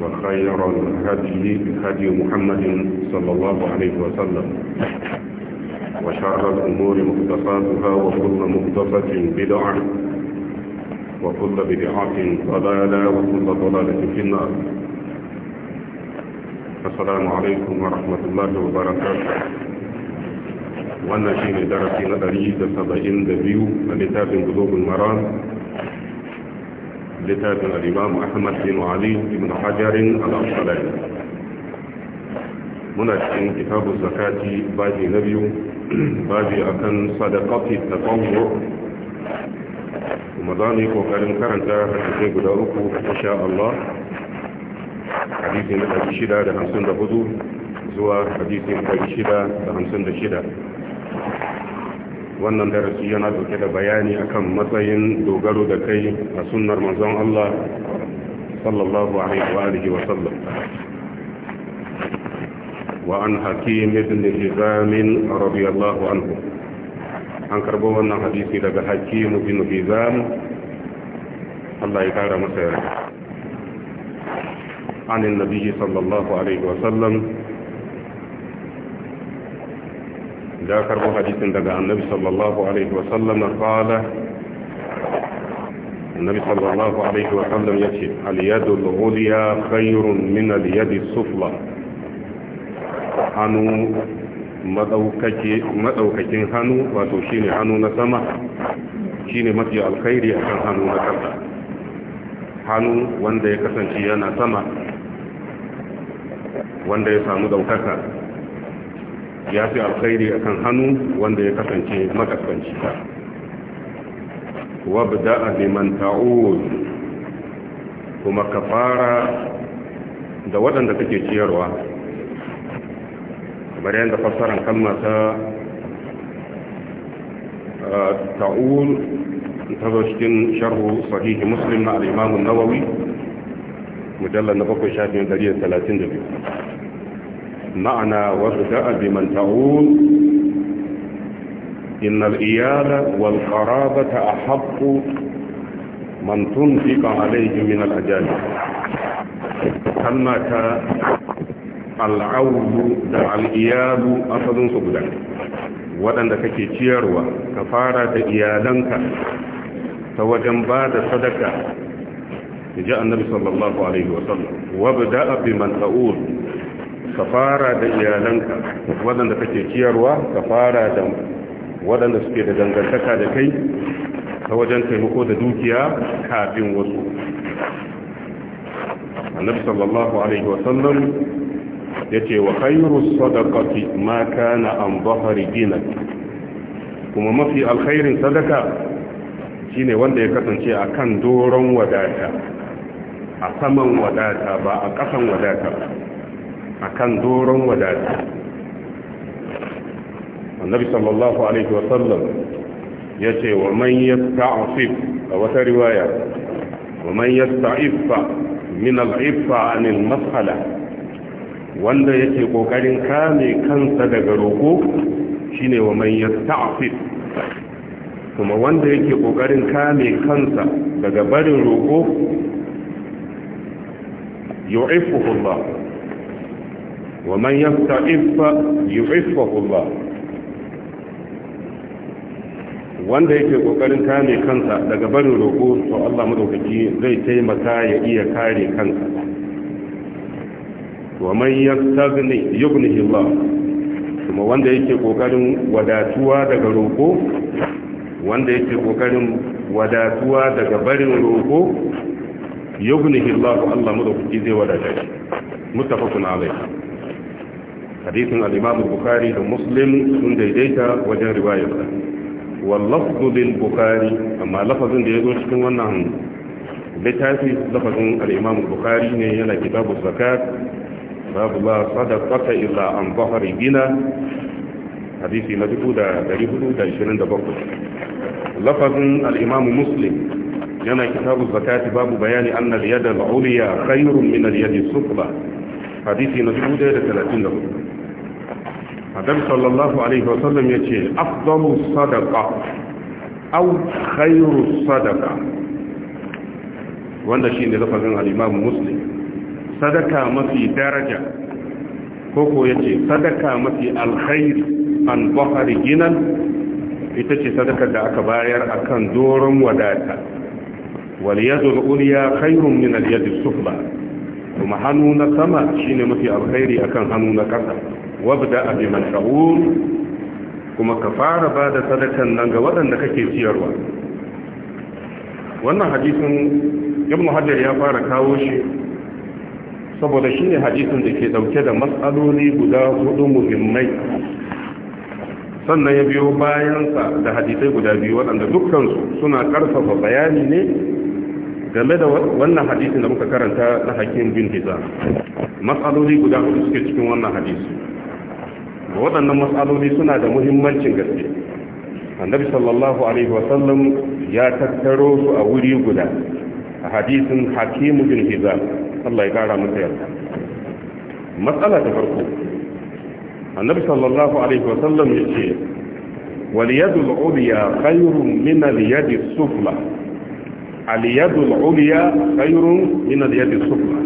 وخير الهدي هدي محمد صلى الله عليه وسلم وشر الأمور مختصاتها وكل مختصة بدعة وكل بدعة ضلالة وكل ضلالة في النار السلام عليكم ورحمة الله وبركاته وانا shi ne darasi na 172 a littafin global littafin al'imamu ahmad bin ali ibn hajarin al'amsalari muna cikin kitabu zakati baji na biyu baji a kan sadakati da tsawo kuma za mu yi kokarin karanta hadisai guda uku insha Allah hadisi na 654 zuwa wannan darasi yana dauke da bayani akan matsayin dogaro da kai a sunnar manzon Allah sallallahu alaihi wa alihi wa sallam wa an hakim ibn hizam radiyallahu anhu an karbo wannan hadisi daga hakim ibn hizam Allah ya kara masa yarda An النبي صلى الله عليه وسلم ya karbo hadisin daga annabi sallallahu alaihi wasallam qala annabi sallallahu alaihi wasallam yace al-yadu al-ulya khayrun min al-yadi sufla hannu madaukakin hannu wato shine hannu na sama shine mafi alkhairi akan hannu na kasa hannu wanda ya kasance yana sama wanda ya samu daukaka ya fi alkhairi akan hannu wanda ya kasance makaskanci wa bida liman ta'ud kuma ka fara da waɗanda kake ciyarwa kamar yadda fassarar kalma ta ta'ul ta zo cikin sharhu sahihi muslim na al'imamun nawawi mujallar na bakwai shafin 132 ma'ana wasu da'abi man ta'un innal iyala wal qarabata ahaqqu man tunfiqa alayhi min al ajali kalma ta al'aulu da al'iyalu asalin guda waɗanda kake ciyarwa ka fara da iyalanka ta wajen ba da sadaka ji annabi sallallahu alaihi wasallam wabda bi man ta'ul ka fara da iyalanka waɗanda kake ciyarwa ka fara da waɗanda suke da dangantaka da kai ta wajen taimako da dukiya kafin wasu annabi sallallahu alaihi wasallam ya ce wa khairu sadaqati ma kana an bahari dinak kuma mafi alkhairin sadaka shine wanda ya kasance akan doron wadata a saman wadata ba a kasan wadata akan doron wadata annabi sallallahu alaihi wasallam ya ce wa man yasta'fif a wata riwaya wa man yasta'iffa min al'iffa anil mas'ala wanda yake kokarin kame kansa daga roko shine wa man yasta'fif kuma wanda yake kokarin kame kansa daga barin roko yu'iffuhu Allah wa يستعف يعفه الله wanda yake kokarin kame kansa daga barin roƙo to Allah madaukaki zai taimaka ya iya kare kansa wa man yastaghni yughnihi Allah kuma wanda yake kokarin wadatuwa daga roƙo wanda yake kokarin wadatuwa daga barin roƙo yughnihi Allah Allah madaukaki zai wadata shi muttafaqun alayhi حديث الإمام البخاري ومسلم من ديديتا وجه رواية واللفظ للبخاري أما لفظ ديديتا شكو أنهم بتاتي لفظ الإمام البخاري هنا كتاب الزكاة باب لا صدقة إلا عن ظهر بنا حديثي مدفو دا دريبو دا إشنان دا بقر لفظ الإمام مسلم هنا كتاب الزكاة باب بيان أن اليد العليا خير من اليد السفلى حديثي مدفو دا 30 لفظ annabi sallallahu alaihi wasallam yace afdalu sadaqa aw khairu sadaqa wanda shine lafazin al-Imam Muslim sadaka mafi daraja koko yace sadaka mafi alkhairi an bahari ginan ita ce sadakar da aka bayar akan doron wadata wal yadul ulya khairun min al yadis sufla kuma hannu na sama shine mafi alkhairi akan hannu na ƙasa wabda abi man kuma ka fara ba da sadakan nan ga waɗanda kake ciyarwa wannan hadisin ibn hajar ya fara kawo shi saboda shi ne hadisin da ke ɗauke da matsaloli guda hudu muhimmai sannan ya biyo bayansa da hadisai guda biyu waɗanda dukkansu suna ƙarfafa bayani ne game da wannan hadisin da muka karanta na hakim bin hiza matsaloli guda hudu suke cikin wannan hadisi waɗannan matsaloli suna da muhimmancin gaske annabi sallallahu alaihi wasallam ya tattaro su a wuri guda a hadisin hakimu bin hizam Allah ya kara masa yarda matsala ta farko annabi sallallahu alaihi wasallam ya ce wal yadul ulya khayrun min al yadi sufla al yadul ulya khayrun min al yadi sufla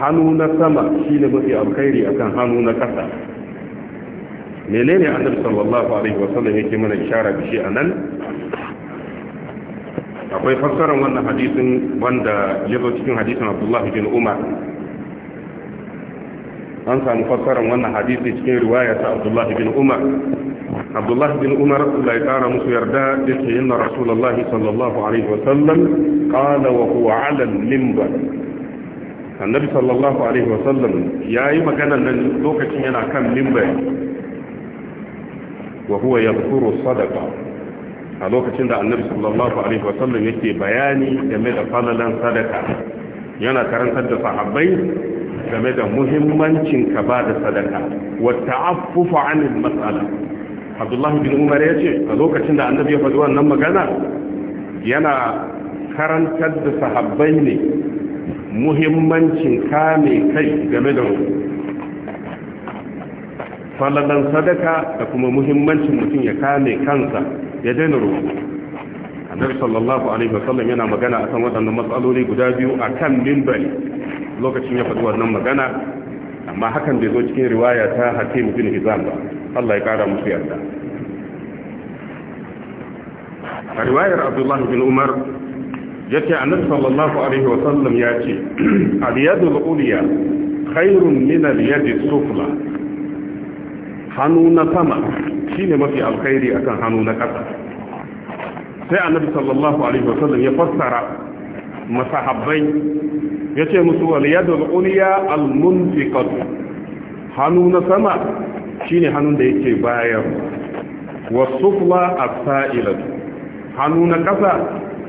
hannu na sama shine mafi alkhairi akan hannu na menene annabi sallallahu alaihi wa wasallam yake mana ishara da shi nan akwai fassarar wannan hadisin wanda ya zo cikin hadisin Abdullah bin Umar an samu fassarar wannan hadisi cikin riwaya ta Abdullah bin Umar Abdullah bin Umar Allah ya kara musu yarda da ce inna Rasulullah sallallahu alaihi wasallam qala wa huwa ala al-minbar Annabi sallallahu alaihi wa wasallam yayi magana nan lokacin yana kan minbari wa huwa yadhkuru sadaqa a lokacin da annabi sallallahu alaihi yake bayani game da falalan sadaka yana karantar da sahabai game da muhimmancin ka ba da sadaka wata ta'affufa 'anil mas'ala Abdullahi bin Umar ya ce a lokacin da annabi ya faɗi wannan magana yana karantar da sahabbai ne muhimmancin kame kai game da rubu falalan sadaka da kuma muhimmancin mutum ya kame kansa ya daina roƙo annabi sallallahu alaihi wasallam yana magana a san waɗannan matsaloli guda biyu a akan minbari lokacin ya faɗi wannan magana amma hakan bai zo cikin riwaya ta hakim bin hizam ba Allah ya ƙara musu yarda a riwayar abdullahi bin umar yace annabi sallallahu alaihi wasallam ya ce al yadul ulya khairun min al yadi sufla hannu na sama shine mafi alkhairi akan hannu na ƙasa sai annabi sallallahu alaihi wasallam ya fassara masahabbai yace musu wal yadul ulya al munfiqatu hannu na sama shine hannun da yake bayar wasufla as-sa'ilatu hannu na ƙasa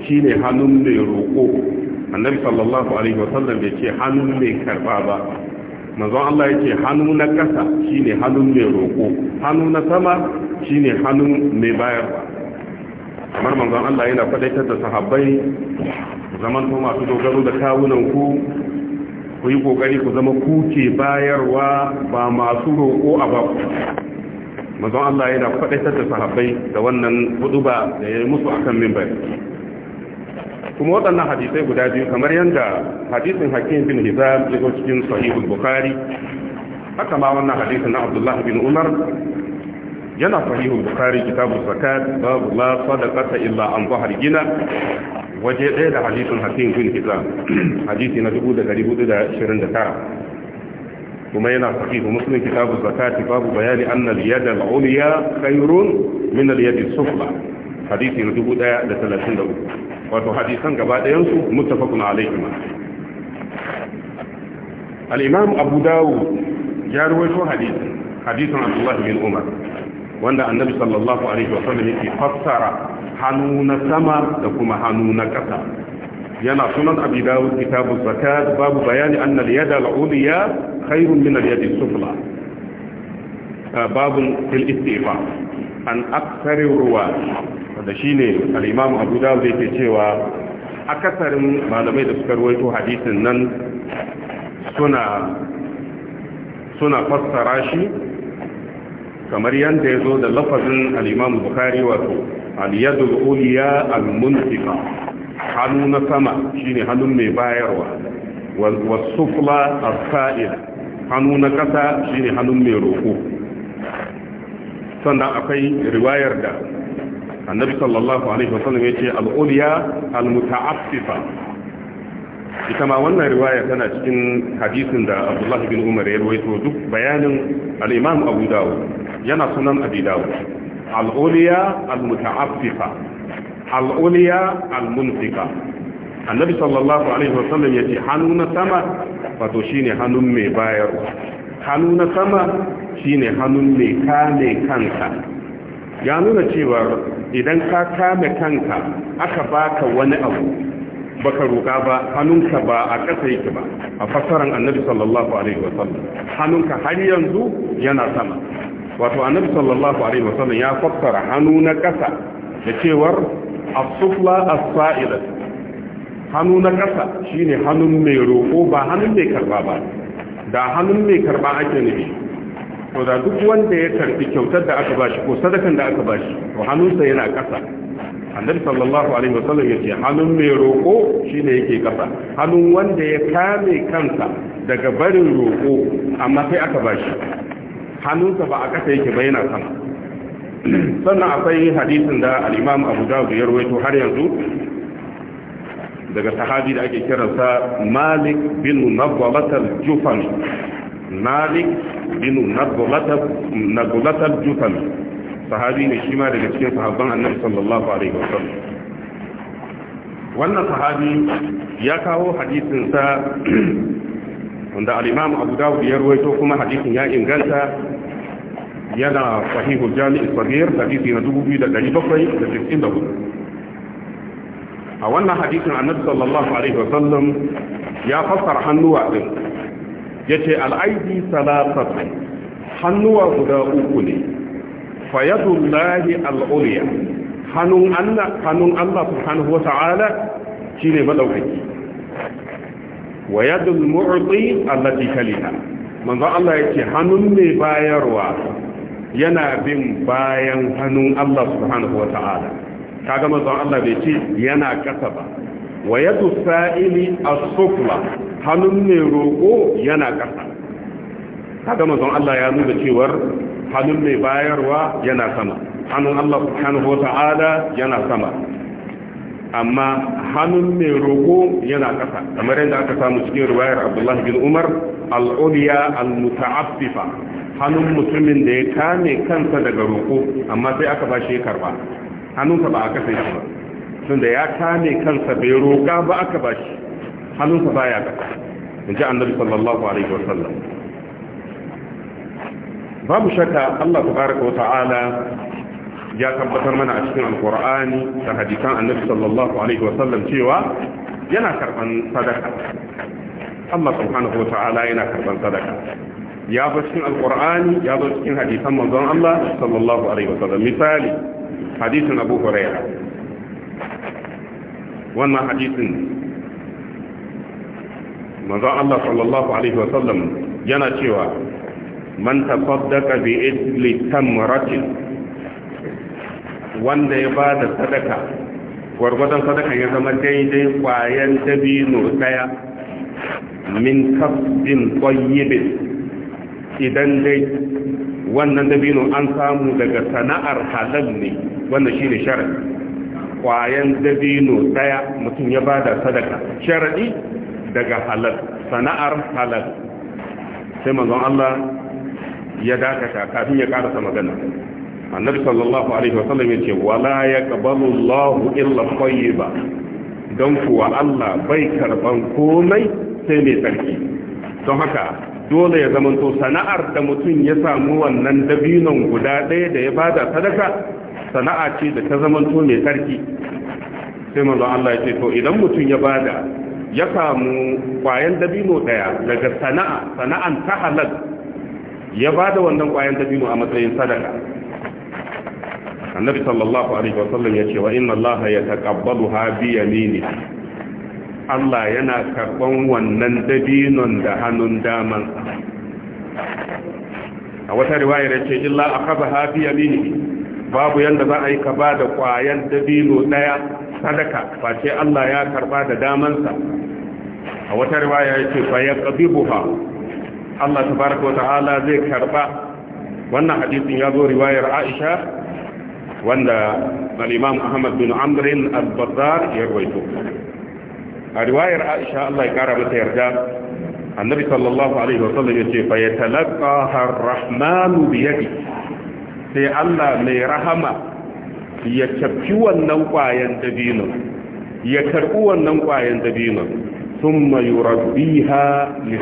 shine hannun mai roƙo annabi sallallahu alaihi wasallam ya ce hannun mai karba ba manzon Allah yake hannu na ƙasa shine hannun mai roƙo hannu na sama shine hannun mai bayarwa kamar manzon Allah yana faɗaitar da sahabbai zaman to masu dogaro da kawunan ku ku yi kokari ku zama kuke bayarwa ba masu roƙo a baku manzon Allah yana faɗaitar da sahabbai da wannan hudu ba da ya yi musu akan mimbar kuma waɗannan hadisai guda biyu kamar yadda hadisin hakim bin hizam ya zo cikin sahihul bukhari haka ma wannan hadisin na abdullah bin umar yana sahihul bukhari kitabu zakat babu la sadaqata illa an zahar gina waje ɗaya da hadisin hakim bin hizam hadisi na 1429 kuma yana sahih muslim kitabu zakat babu bayani anna al-yad al-ulya khairun min al-yad as-sufla hadisi na 1033 wato hadisan gaba ɗayansu su muttafaqun alaihi abu dawo ya ruwaito hadisin hadisan abdullah bin umar wanda annabi sallallahu alaihi wasallam yake fassara hannu na sama da kuma hannu na ƙasa yana sunan Abu dawo kitabu zakat babu bayani anna yada al-ulya khairun min al-yadi sufla babun fil istifa an aktsari ruwa wanda shi ne al’imamu Abu zai ke cewa akasarin malamai da suka ruwaito hadisin nan suna fassara shi kamar ya zo da lafazin Alimamu bukari wato aliyadu da uliya al muntifa hannu na sama shi ne hannun mai bayarwa wasufla a saila hannu na kasa shi ne hannun mai roko sannan akwai riwayar da annabi sallallahu alaihi wasallam yace al-ulya al-muta'affifa ita ma wannan riwaya tana cikin hadisin da Abdullahi bin Umar ya rawaito duk bayanin al-Imam Abu Dawud yana sunan Abi Dawud al-ulya al-muta'affifa al-ulya al-munfika annabi sallallahu alaihi wasallam yace hannu na sama wato shine hannun mai bayarwa hannu na sama shine hannun mai kame kanka ya nuna cewa idan ka kame kanka aka baka wani abu baka roƙa ba hannunka ba a ƙasa yake ba a fasaran annabi sallallahu alaihi wasallam hannunka har yanzu yana sama wato annabi sallallahu alaihi wasallam ya fassara hannu na ƙasa da cewar as-sufla as-sa'ila hannu na ƙasa shine hannun mai roƙo ba hannun mai karba ba da hannun mai karba ake nufi Ko da duk wanda ya karbi kyautar da aka bashi ko sadakan da aka bashi to hannunsa yana ƙasa annabi sallallahu alaihi wasallam ce hannun mai roko shine yake ƙasa hannun wanda ya kame kansa daga barin roko amma sai aka bashi hannunsa ba a ƙasa yake ba yana sama sannan akwai hadisin da al-imam Abu Dawud ya rawaito har yanzu daga sahabi da ake kiransa Malik bin Nawwalat Jufan. jufani malik bin nagulatar jutan sahabi ne shi ma daga cikin sahabban annabi sallallahu alaihi wasallam wannan sahabi ya kawo hadisinsa wanda al'imam abu dawud ya ruwaito kuma hadisin ya inganta yana sahihul jami'in sabir hadisi na 2794 a wannan hadisin annabi sallallahu alaihi wasallam ya fassara hannuwa din yace al-aidi salasatun hannuwa guda uku ne fa yadullahi al hannun Allah hannun Allah subhanahu wata'ala shine madaukaki wa yadul mu'ti allati kaliha manzo Allah yace hannun mai bayarwa yana bin bayan hannun Allah subhanahu wata'ala kaga manzo Allah bai ce yana kasa ba wa yadu sa'ili as-sufla hannun mai roƙo yana ƙasa gama manzon Allah ya nuna cewar hannun mai bayarwa yana sama hannun Allah subhanahu wata'ala yana sama amma hannun mai roƙo yana ƙasa kamar yadda aka samu cikin ruwayar Abdullah bin Umar al-uliya al-muta'affifa hannun mutumin da ya kame kansa daga roƙo amma sai aka bashi ya karba hannunsa ba a kasance ba, ba tunda ya kame kansa bai roƙa ba aka ba shi. hannunsa baya ga in ji annabi sallallahu alaihi wasallam babu shakka Allah tabaraka wa ta'ala ya tabbatar mana a cikin alkur'ani da hadisan annabi sallallahu alaihi wasallam cewa yana karban sadaka Allah subhanahu wa ta'ala yana karban sadaka ya zo cikin alkur'ani ya zo cikin hadisan manzon Allah sallallahu alaihi wasallam misali hadisin Abu Hurairah wannan hadisin manzon Allah sallallahu alaihi wa sallam yana cewa man tasaddaqa bi idli tamratin wanda ya ba da sadaka gwargwadon sadaka ya zama daidai kwayan dabino daya min kasbin tayyibin idan dai wannan dabino an samu daga sana'ar halal ne wannan shine sharadi kwayan dabino daya mutum ya ba da sadaka sharadi daga halal sana'ar halal sai manzon Allah ya dakata kafin ya karasa magana annabi sallallahu alaihi wasallam ya ce wala yaqbalu Allahu illa tayyiba don kuwa Allah bai karban komai sai mai tsarki don haka dole ya zamanto sana'ar da mutum ya samu wannan dabinon guda ɗaya da ya bada sadaka sana'a ce da ta zamanto mai tsarki sai manzon Allah ya ce to idan mutum ya bada ya samu kwayan dabino ɗaya daga sana'a sana'an ta halal ya ba da wannan kwayan dabino a matsayin sadaka annabi sallallahu alaihi wasallam ya ce wa inna allaha ha bi yamini Allah yana karban wannan dabinon da hannun daman a wata riwaya da ce illa akhadha bi yamini babu yanda za a yi ka ba da kwayan dabino daya sadaka face Allah ya karba da damansa a wata riwaya yace fa yaqbibuha Allah ta tabaaraka wa ta'ala zai karba wannan hadisin ya zo riwayar Aisha wanda al-Imam Ahmad bin Amrin al-Bazzar ya rawaito a riwayar Aisha Allah ya kara mata yarda annabi sallallahu alaihi wasallam yace fa yatalaqaha ar-rahmanu bi yadi sai Allah mai rahama ya tafi wannan kwayan dabino ya karbi wannan kwayan dabino sun yurabbiha li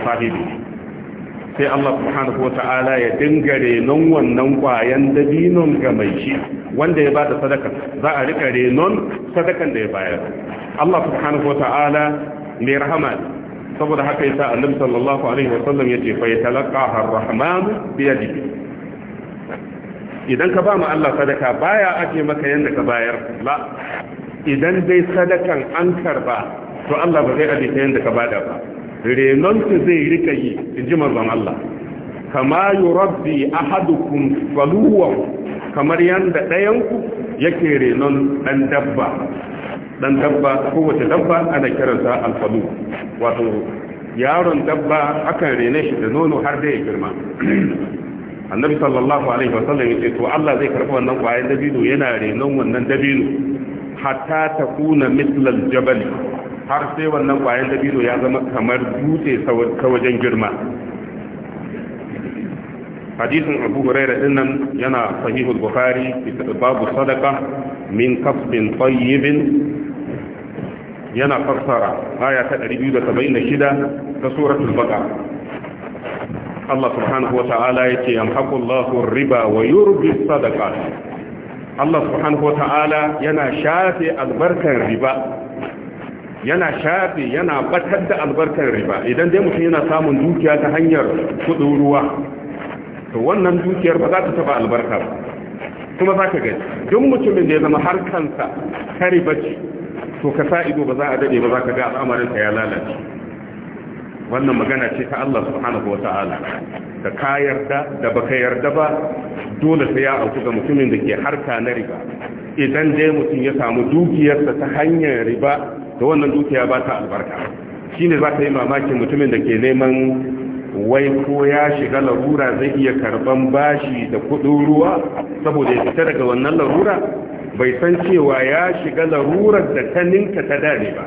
sai Allah subhanahu wa ta'ala ya dinga renon wannan kwayan dabinon ga mai shi wanda ya bada sadaka za a rika renon sadakan da ya bayar Allah subhanahu wa ta'ala mai rahama saboda haka yasa annabi sallallahu alaihi wasallam yace fa yatalaqaha ar-rahman bi yadihi idan ka ba mu Allah sadaka baya ake maka yanda ka bayar ba idan dai sadakan an karba to Allah ba zai aje ta yanda ka bada ba renon ku zai rika yi in ji manzon Allah kama yurabbi ahadukum faluwan kamar yanda ɗayan ku yake renon dan dabba dan dabba kowace dabba ana kiransa alfalu wato yaron dabba akan rene shi da nono har da ya girma annabi sallallahu alaihi wa sallam yace to Allah zai karɓi wannan ƙwayar dabino yana renon wannan dabino hatta ta kuna mislal jabal har sai wannan ƙwayar dabino ya zama kamar dutse ta wajen girma hadisin abu huraira din nan yana sahihul bukhari babu sadaka min kasbin tayyibin yana fassara aya ta 276 ta suratul baqara Allah subhanahu wa ta'ala riba wa yurbi Allah subhanahu wa ta'ala yana shafe albarkar riba yana shafe yana batar da albarkar riba idan dai mutum yana samun dukiya ta hanyar kudin ruwa to wannan dukiyar ba za ta taba albarka kuma za ka gani duk mutumin da ya zama harkansa ta riba ce to ka sa ido ba za a dade ba za ka ga al'amarinka ya lalace wannan magana ce ta Allah subhanahu wata'ala da ka yarda da baka yarda ba dole sai ya auku ga mutumin da ke harka na riba idan dai mutum ya samu dukiyarsa ta hanyar riba da wannan dukiya ba ta albarka shine za ta yi mamakin mutumin da ke neman wai ko ya shiga larura zai iya karban bashi da kudin ruwa saboda ya fita daga wannan larura bai san cewa ya shiga larurar da ta ninka ta dare ba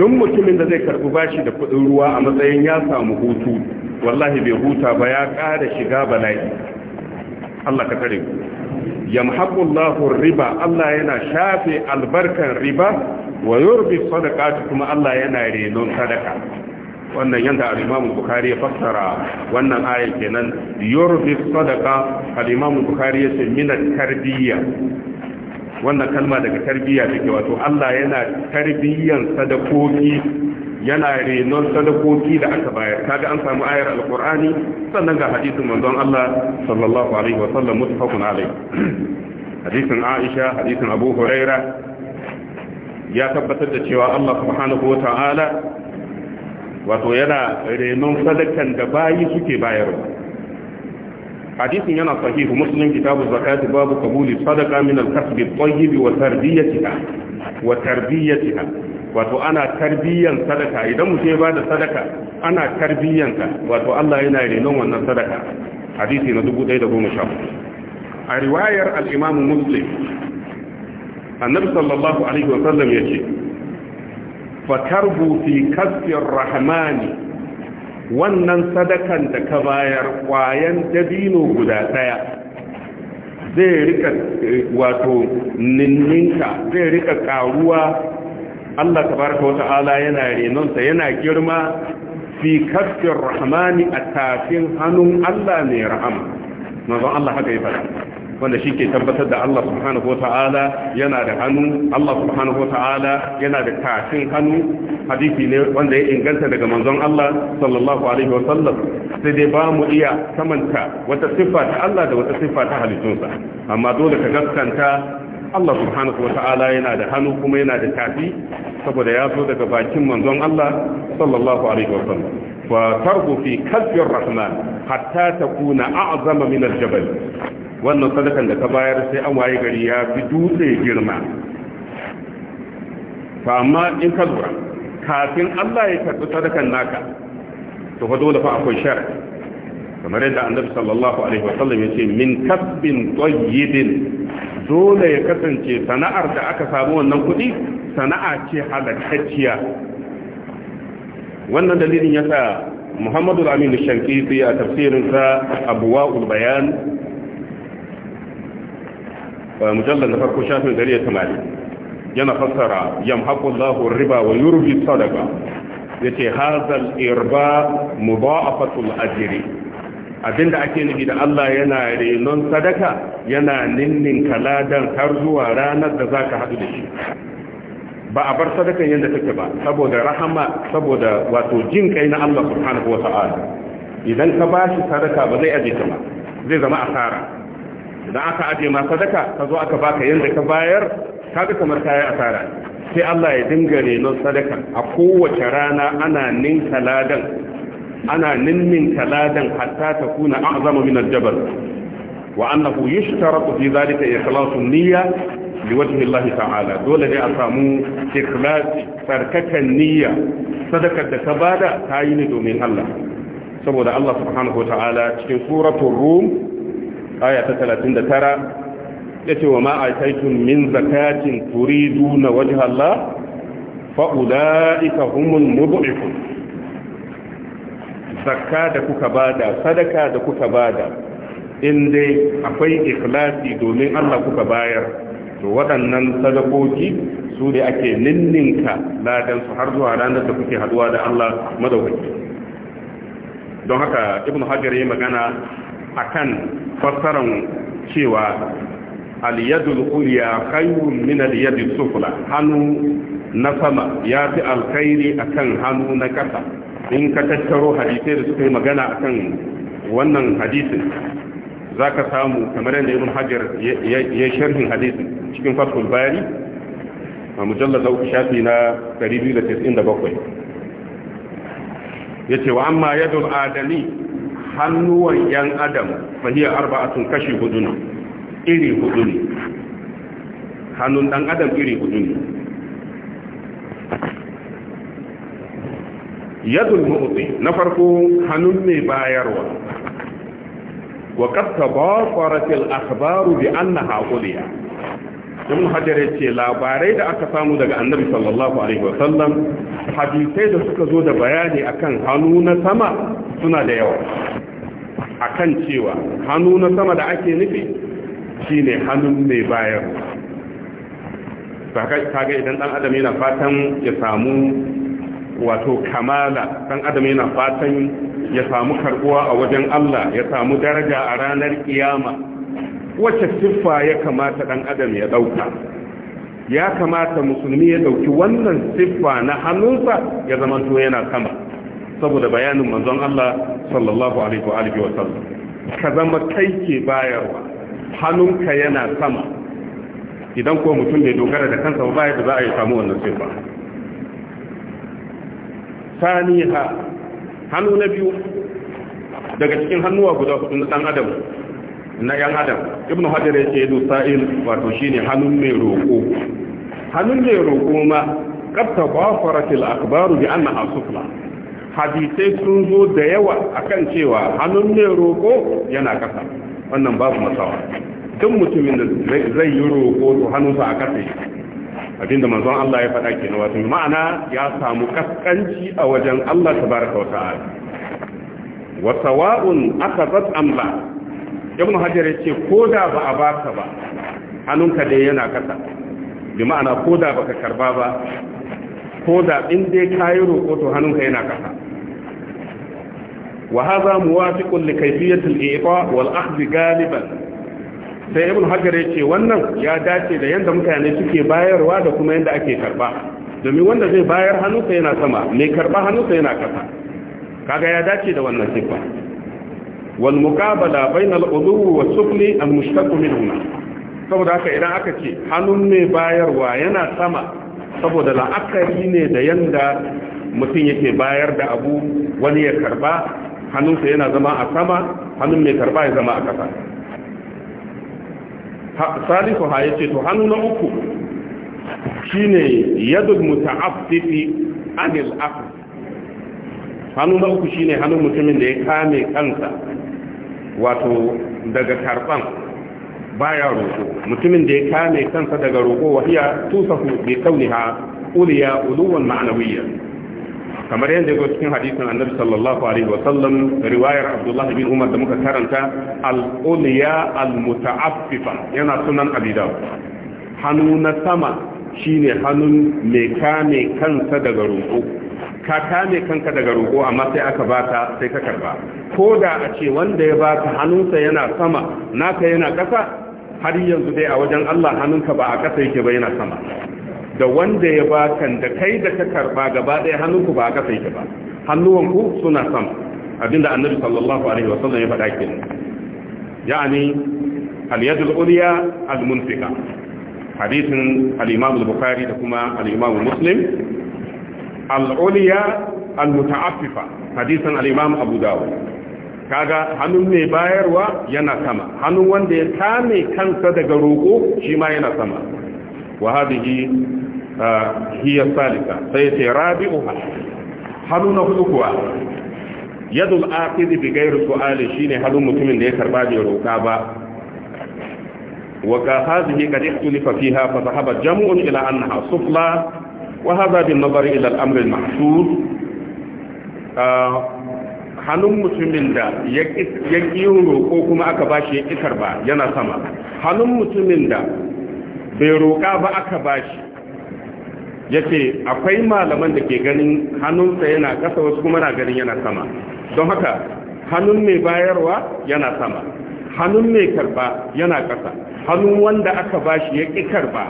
don mutumin da zai karɓi bashi da kuɗin ruwa a matsayin ya samu hutu wallahi bai huta ba ya ƙara shiga bala'i Allah ka kare ku yamhaqullahu riba Allah yana shafe albarkan riba wa yurbi sadaqati kuma Allah yana renon sadaka wannan yanda al-Imam Bukhari ya fassara wannan ayat kenan yurbi sadaqa al-Imam Bukhari yace min at-tarbiyya wannan kalma daga tarbiyya take wato Allah yana tarbiyyan sadakoki yana renon sadakoki da aka bayar kaga an samu ayar alqur'ani sannan ga hadisin manzon Allah sallallahu alaihi wa sallam mutafaqun alaihi hadisin Aisha hadisin Abu Huraira ya tabbatar da cewa Allah subhanahu wa ta'ala wato yana renon sadakan da bayi suke bayarwa hadisin yana sahihu muslim kitabu zakati babu kabuli sadaka min al-kasb at-tayyib wa tarbiyatiha wa tarbiyatiha wato ana tarbiyyan sadaka idan mutum ya bada sadaka ana tarbiyyanta wato Allah yana renon wannan sadaka hadisi na 1114 a riwayar al-imam muslim annabi sallallahu alaihi wa sallam yace fa tarbu fi kasbi ar-rahmani wannan sadakan da ka bayar kwayan dabino guda daya zai rika eh, wato ninninka zai rika karuwa Allah tabaraka wa ta'ala yana renonsa yana girma fi kaffin rahmani a tafin hannun Allah mai rahama Mazan Allah haka yi fara wanda shi ke tabbatar da Allah subhanahu wa ta'ala yana da hannu Allah subhanahu wa ta'ala yana da kafin hannu hadisi ne wanda ya inganta daga manzon Allah sallallahu alaihi wa sallam sai dai ba mu iya samanta wata siffa ta Allah da wata siffa ta halittunsa amma dole ka gaskanta Allah subhanahu ta'ala yana da hannu kuma yana da tafi saboda ya zo daga bakin manzon Allah sallallahu alaihi wa sallam wa tarbu fi kalbir rahman hatta takuna a'zama min al-jabal wannan sadakan da ta bayar sai an waye gari ya fi dutse girma fa amma in ka lura kafin Allah ya karɓi sadakan naka to fa dole fa akwai shar kamar yadda annabi sallallahu alaihi wa sallam yace min kabbin tayyibin dole ya kasance sana'ar da aka samu wannan kuɗi sana'a ce halakacciya wannan dalilin yasa Muhammadu Aminu Shankiti a tafsirinsa Abuwa'ul Bayan mujallar na farko shafin 180 yana fassara yamhaqullahu riba wa yurbi sadaka yace hazal irba mudha'afatul ajri abinda ake nufi da Allah yana renon sadaka yana ninnin kaladan har zuwa ranar da zaka hadu da shi ba a bar sadakan yadda take ba saboda rahama saboda wato jin kai na Allah subhanahu ta'ala idan ka bashi sadaka ba zai aje ta ba zai zama asara idan aka aje ma sadaka ka zo aka baka yanda ka bayar kaga kamar kayan asara sai Allah ya dinga renon sadaka a kowace rana ana ninka ladan ana ninninka ladan hatta ta kuna a'zama min aljabal wa annahu yushtaratu fi zalika ikhlasu niyya liwajhi Allah ta'ala dole ne a samu ikhlasi sarkakan niyya sadakar da ka bada ta yi ne domin Allah saboda Allah subhanahu wa ta'ala cikin suratul rum aya ta talatin da ya yace wa ma ataitum min zakatin duna wajha Allah fa ulaika humul mudhifun zakka da kuka bada sadaka da kuka bada in dai akwai ikhlasi domin Allah kuka bayar to waɗannan sadakoki su ne ake ninninka ladansu har zuwa ranar da kuke haduwa da Allah madaukaki don haka ibn hajar ya magana akan fassaran cewa aliyadul uliya khayrun min aliyadis sufla hannu na sama ya fi alkhairi akan hannu na kasa in ka tattaro hadisai da suka yi magana akan wannan hadisin zaka samu kamar yadda ibn hajar ya sharhin hadisin cikin fathul bayani a mujallar da shafi na 297 yace wa amma yadul adami hannuwan yan adam fahiyar arba'atun kashi hudu ne iri hudu ne hannun ɗan adam iri hudu ne yadul mu'ti na farko hannun mai bayarwa wa qad tabafarat al akhbar bi annaha quliya ibn hajar ce labarai da aka samu daga annabi sallallahu alaihi wa sallam hadisai da suka zo da bayani akan hannu na sama suna da yawa a kan cewa hannu na sama da ake nufi shi ne hannun mai bayar kaga idan dan adam yana fatan ya samu wato kamala dan adam yana fatan ya samu karbuwa a wajen Allah ya samu daraja a ranar kiyama wacce siffa ya kamata dan adam ya dauka ya kamata musulmi ya dauki wannan siffa na hannunsa ya zamanto yana sama saboda bayanin manzon Allah sallallahu alaihi wa wa sallam ka zama kai ke bayarwa hannunka yana sama idan ko mutum da dogara da kansa ba ya za a yi samu wannan sai ba saniha hannu na biyu daga cikin hannuwa guda hudu na dan adam na yan adam ibnu hajar ya ce yadu sa'il wato shine hannun mai roko hannun mai roko ma qad tawafarat al akhbaru bi anna asfala hadisai sun zo da yawa akan cewa hannun ne roƙo yana ƙasa wannan babu matsawa duk mutumin da zai yi roƙo to hannunsa a ƙasa abinda manzon Allah ya faɗa kenan wato ma'ana ya samu kaskanci a wajen Allah tabaraka wa ta'ala wa sawa'un akhazat am la ibn hajar yace koda ba a baka ba hannunka dai yana ƙasa bi ma'ana koda baka karba ba ko da in dai kayi roƙo to hannunka yana ƙasa wa hadha muwafiqun li kayfiyati al-iqa wal akhdh galiban sai ibn hajar yace wannan ya dace da yanda mutane suke bayarwa da kuma yanda ake karba domin wanda zai bayar hannunka yana sama mai karba hannunka yana ƙasa kaga ya dace da wannan sifa wal muqabala bainal udhu wa sufli al mushtaq minhuma saboda haka idan aka ce hannun mai bayarwa yana sama saboda la'akari ne da yanda mutum yake bayar da abu wani ya karba hannunsa yana zama a sama hannun mai karba ya zama a kasa salisu ha ya ce to hannu na uku shine yadul muta'affifi anil afi hannu na uku shine hannun mutumin da ya kame kansa wato daga karban baya roƙo mutumin da ya kame kansa daga roƙo wa hiya tusafu bi kauniha uliya uluwan ma'anawiyya kamar yadda ga cikin hadisin annabi sallallahu alaihi wa sallam riwayar Abdullahi bin umar da muka karanta al uliya al muta'affifa yana sunan abi hannu na sama shine hannun mai kame kansa daga roƙo ka kame kanka daga roƙo amma sai aka bata sai ka karba ko da a ce wanda ya bata hannunsa yana sama naka yana ƙasa har yanzu dai a wajen Allah hannunka ba a ƙasa yake ba yana sama da wanda ya bakan da kai da ka karba gaba ɗaya hannunku ba a ƙasa yake ba hannuwanku suna sama abinda annabi sallallahu alaihi wasallam ya faɗa kenan ya'ani al-yadul ulya al-munfika hadisin al-imam al-bukhari da kuma al-imam muslim al-ulya al-muta'affifa hadisin al-imam abu dawud kaga hannun mai bayarwa yana sama hannun wanda ya kame kansa daga roƙo shi ma yana sama wa hadhihi hiya salika sai ce rabi'uha hannu na hudu kuwa yadul aqidi bi ghairi su'ali shine hannun mutumin da ya karba bai roƙa ba wa ka hadhihi qad ihtulifa fiha fa dhahaba jam'un ila annaha sufla wa hadha bin nazari ila al-amr al hannun mutumin da ya yin roƙo kuma aka ba shi ya ba yana sama hannun mutumin da bai roƙa ba aka ba shi ya ce akwai malaman da ke ganin hannunsa yana ƙasa wasu kuma na ganin yana sama don haka hannun mai bayarwa yana sama hannun mai karba yana ƙasa hannun wanda aka ba shi ya ƙi karba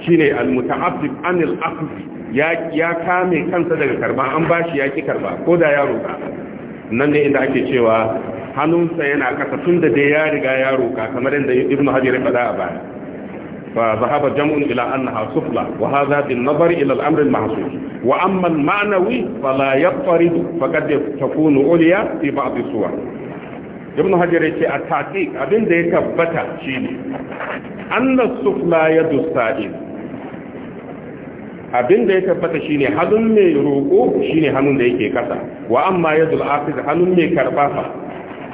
shi ne al mutaafif anil afif ya kame kansa daga karba an bashi ya ki karba ko da ya roka nan ne inda ake cewa hannunsa yana kasa tun da dai ya riga ya roka kamar inda ibn hajar ya faɗa a baya fa zahaba jam'un ila annaha sufla wa hadha bin nazar ila al-amr al-mahsus wa amma al-ma'nawi fala yaqtarid faqad takunu uliya fi ba'd suwar ibn hajar yace a taqiq abin da ya tabbata shine anna sufla yadu sa'id abin da ya tabbata shine hannun mai roƙo shine hannun da yake kasa wa amma yadul afiz hannun mai karba fa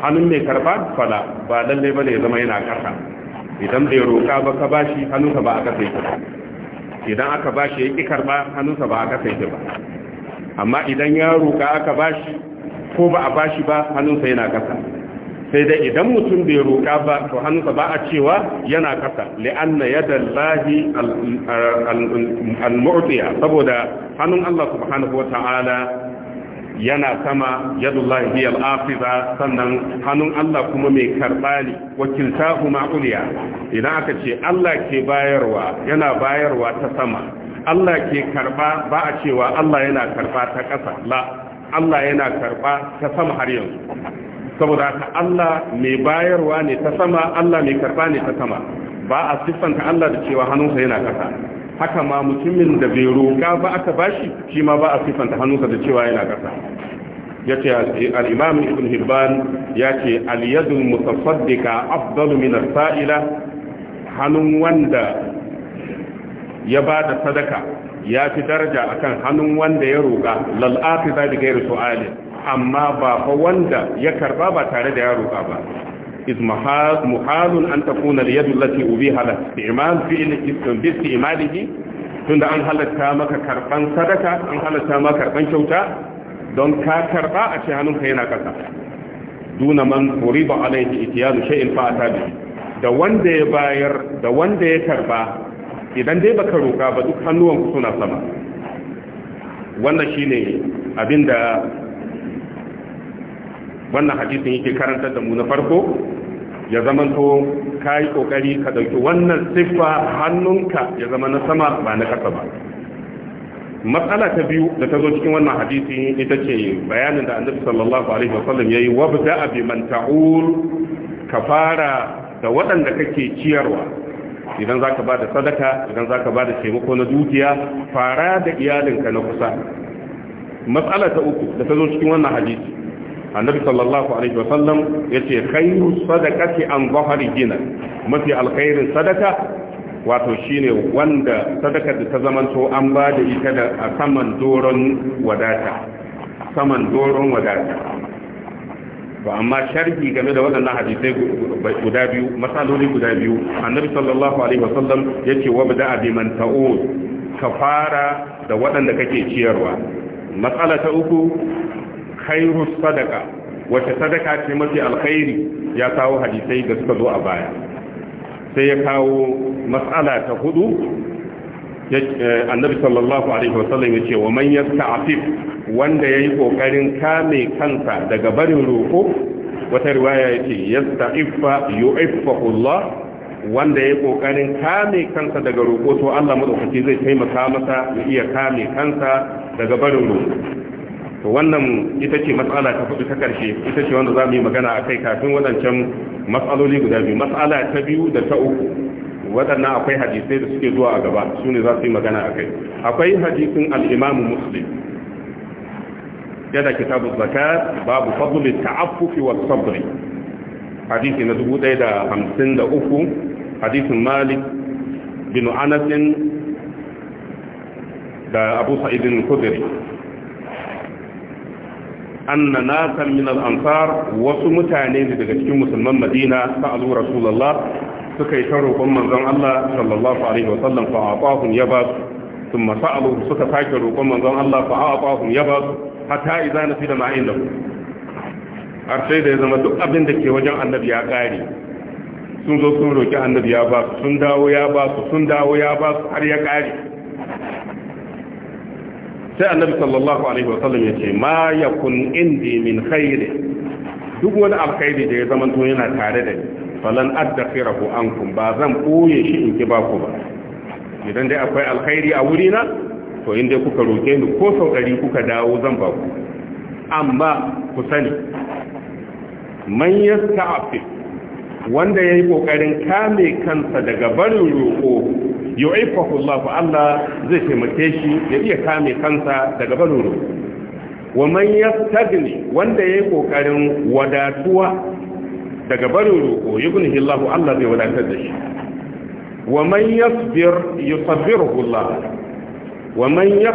hannun mai karba fala ba lalle bane ya zama yana kasa idan bai roƙa ba ka bashi ka ba aka kasa ba idan aka bashi ya karba hannun sa ba aka kasa ba amma idan ya roƙa aka bashi ko ba a bashi ba sa yana kasa sai dai idan mutum bai roƙa ba to hannunsa ba a cewa yana ƙasa li'anna yadallahi al-mu'tiya saboda hannun Allah subhanahu wata'ala yana sama yadullahi bi al-afiza sannan hannun Allah kuma mai karba ne wakiltahu ma'uliya idan aka ce Allah ke bayarwa yana bayarwa ta sama Allah ke karba ba a cewa Allah yana karba ta ƙasa la Allah yana karba ta sama har yanzu saboda haka Allah mai bayarwa ne ta sama Allah mai karba ne ta sama ba a siffanta Allah da cewa hannunsa yana kasa haka ma mutumin da bai roƙa ba aka bashi shi ma ba a siffanta hannunsa da cewa yana kasa Ya ce imam Ibn Hibban yace ce Aliyadun mutasaddiqa afdalu min as hannun wanda ya ba da sadaka ya fi daraja akan hannun wanda ya roƙa lal'afi za da gairu su'alin amma ba fa wanda ya karba ba tare da yaro ba iz muhalun an takuna da yadu lati ubi halar iman fi tunda an halatta maka karban sadaka an halatta maka karban kyauta don ka karba a ce hannunka yana kasa duna man uriba shay'in fa atabi da wanda ya bayar da wanda ya karba idan dai baka roka ba duk hannuwanku suna sama wannan shine abinda wannan hadisin yake karanta da mu na farko ya zamanto ka yi ƙoƙari ka ɗauki wannan siffa hannunka ya zama na sama ba na ƙasa ba matsala ta biyu da ta zo cikin wannan hadisi ita ce bayanin da annabi sallallahu alaihi wasallam yayi wabda bi man ta'ul ka fara da waɗanda kake ciyarwa idan zaka ba da sadaka idan zaka ba da taimako na dukiya fara da iyalinka na kusa matsala ta uku da ta zo cikin wannan hadisi annabi sallallahu alaihi wasallam yace khairu sadaqati an zahari gina mafi alkhairin sadaka wato shine wanda sadaka da ta zamanto an ba da ita da a saman doron wadata saman doron wadata ba amma sharhi game da waɗannan hadisai guda biyu matsaloli guda biyu annabi sallallahu alaihi wasallam yace wa bada bi man ta'ud ka fara da waɗanda kake ciyarwa matsala ta uku khairu sadaka wace sadaka ce mafi alkhairi ya kawo hadisai da suka zo a baya sai ya kawo mas'ala ta hudu eh, annabi sallallahu alaihi wasallam ya ce wa man afif wanda yayi kokarin kame kansa daga barin roko wata riwaya yace yasta'iffa yu'iffahu Allah wanda yayi kokarin kame kansa daga roko to Allah madaukaki zai taimaka masa ya iya kame kansa daga barin roko to wannan ita ce matsala ta hudu ta karshe ita ce wanda za mu yi magana a kai kafin waɗancan matsaloli guda biyu matsala ta biyu da ta uku waɗannan akwai hadisai da suke zuwa a gaba su ne za su yi magana a kai akwai hadisin al'imamu muslim yadda kitabu zaka babu fadli ta'affufi wa sabri hadisi na uku hadisin malik bin anasin da abu sa'id al anna nasan min al-ansar wasu mutane ne daga cikin musulman Madina sa'alu Rasulullah suka yi ta roƙon manzon Allah sallallahu alaihi wa sallam fa atahum yabas thumma sa'alu suka sake roƙon manzon Allah fa atahum yabas hatta idza nafida ma indahu har sai da ya zama duk abin da ke wajen annabi ya kare sun zo sun roƙi annabi ya ba sun dawo ya ba sun dawo ya ba har ya kare sai annabi sallallahu alaihi wasallam ya ce ma yakun indi min khairi duk wani alkhairi da ya zamanto yana tare da ni falan addakhirahu ankum ba zan boye shi in ki ba ku ba idan dai akwai alkhairi a wuri na to in dai kuka roke ni ko sau ɗari kuka dawo zan ba ku amma ku sani man yasta'fif wanda ya yi ƙoƙarin kame kansa daga barin roƙo yau aifahu Allah Allah zai taimake shi ya iya kame kansa daga barin roƙo wa man ya yastagni wanda ya yi ƙoƙarin wadatuwa daga barin roƙo ya yugnihi Allah Allah zai wadatar da shi wa man ya sabir hula. wa man ya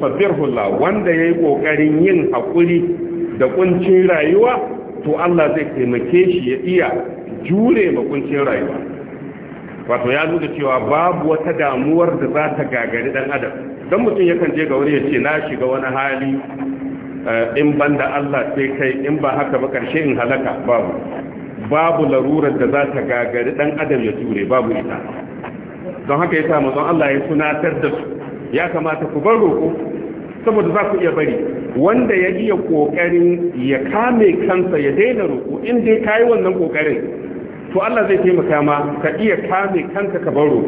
sabir hula, wanda ya yi ƙoƙarin yin haƙuri da ƙuncin rayuwa to Allah zai taimake shi ya iya jure makuncin rayuwa wato ya nuna cewa babu wata damuwar da za ta gagari dan adam don mutum yakan je ga wani ya ce na shiga wani hali eh, in ban da Allah sai kai in ba haka ba karshe in halaka babu babu larurar da za ta gagari dan adam ya jure babu ita don haka ya samu don Allah ya tunatar da su ya kamata ku bar roƙo saboda za ku iya bari wanda ya iya ƙoƙarin ya kame kansa ya daina roƙo in dai yi wannan ƙoƙarin to Allah zai taimaka ma ka iya kame kanka ka baro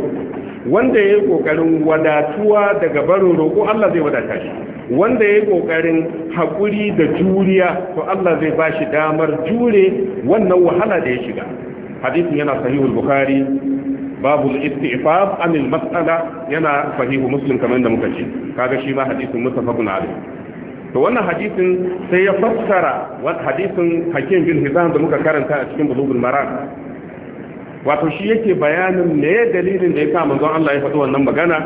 wanda ya yi ƙoƙarin wadatuwa daga barin roƙo Allah zai wadata shi wanda ya yi ƙoƙarin haƙuri da juriya to Allah zai ba shi damar jure wannan wahala da ya shiga hadisin yana sahihul bukhari babu istifab anil mas'ala yana sahihu muslim kamar da muka ce kaga shi ma hadisin mustafa bin ali to wannan hadisin sai ya fassara hadisin hakim bin hizam da muka karanta a cikin bulugul maram wato shi yake bayanin ne dalilin da ya sa manzon Allah ya faɗi wannan magana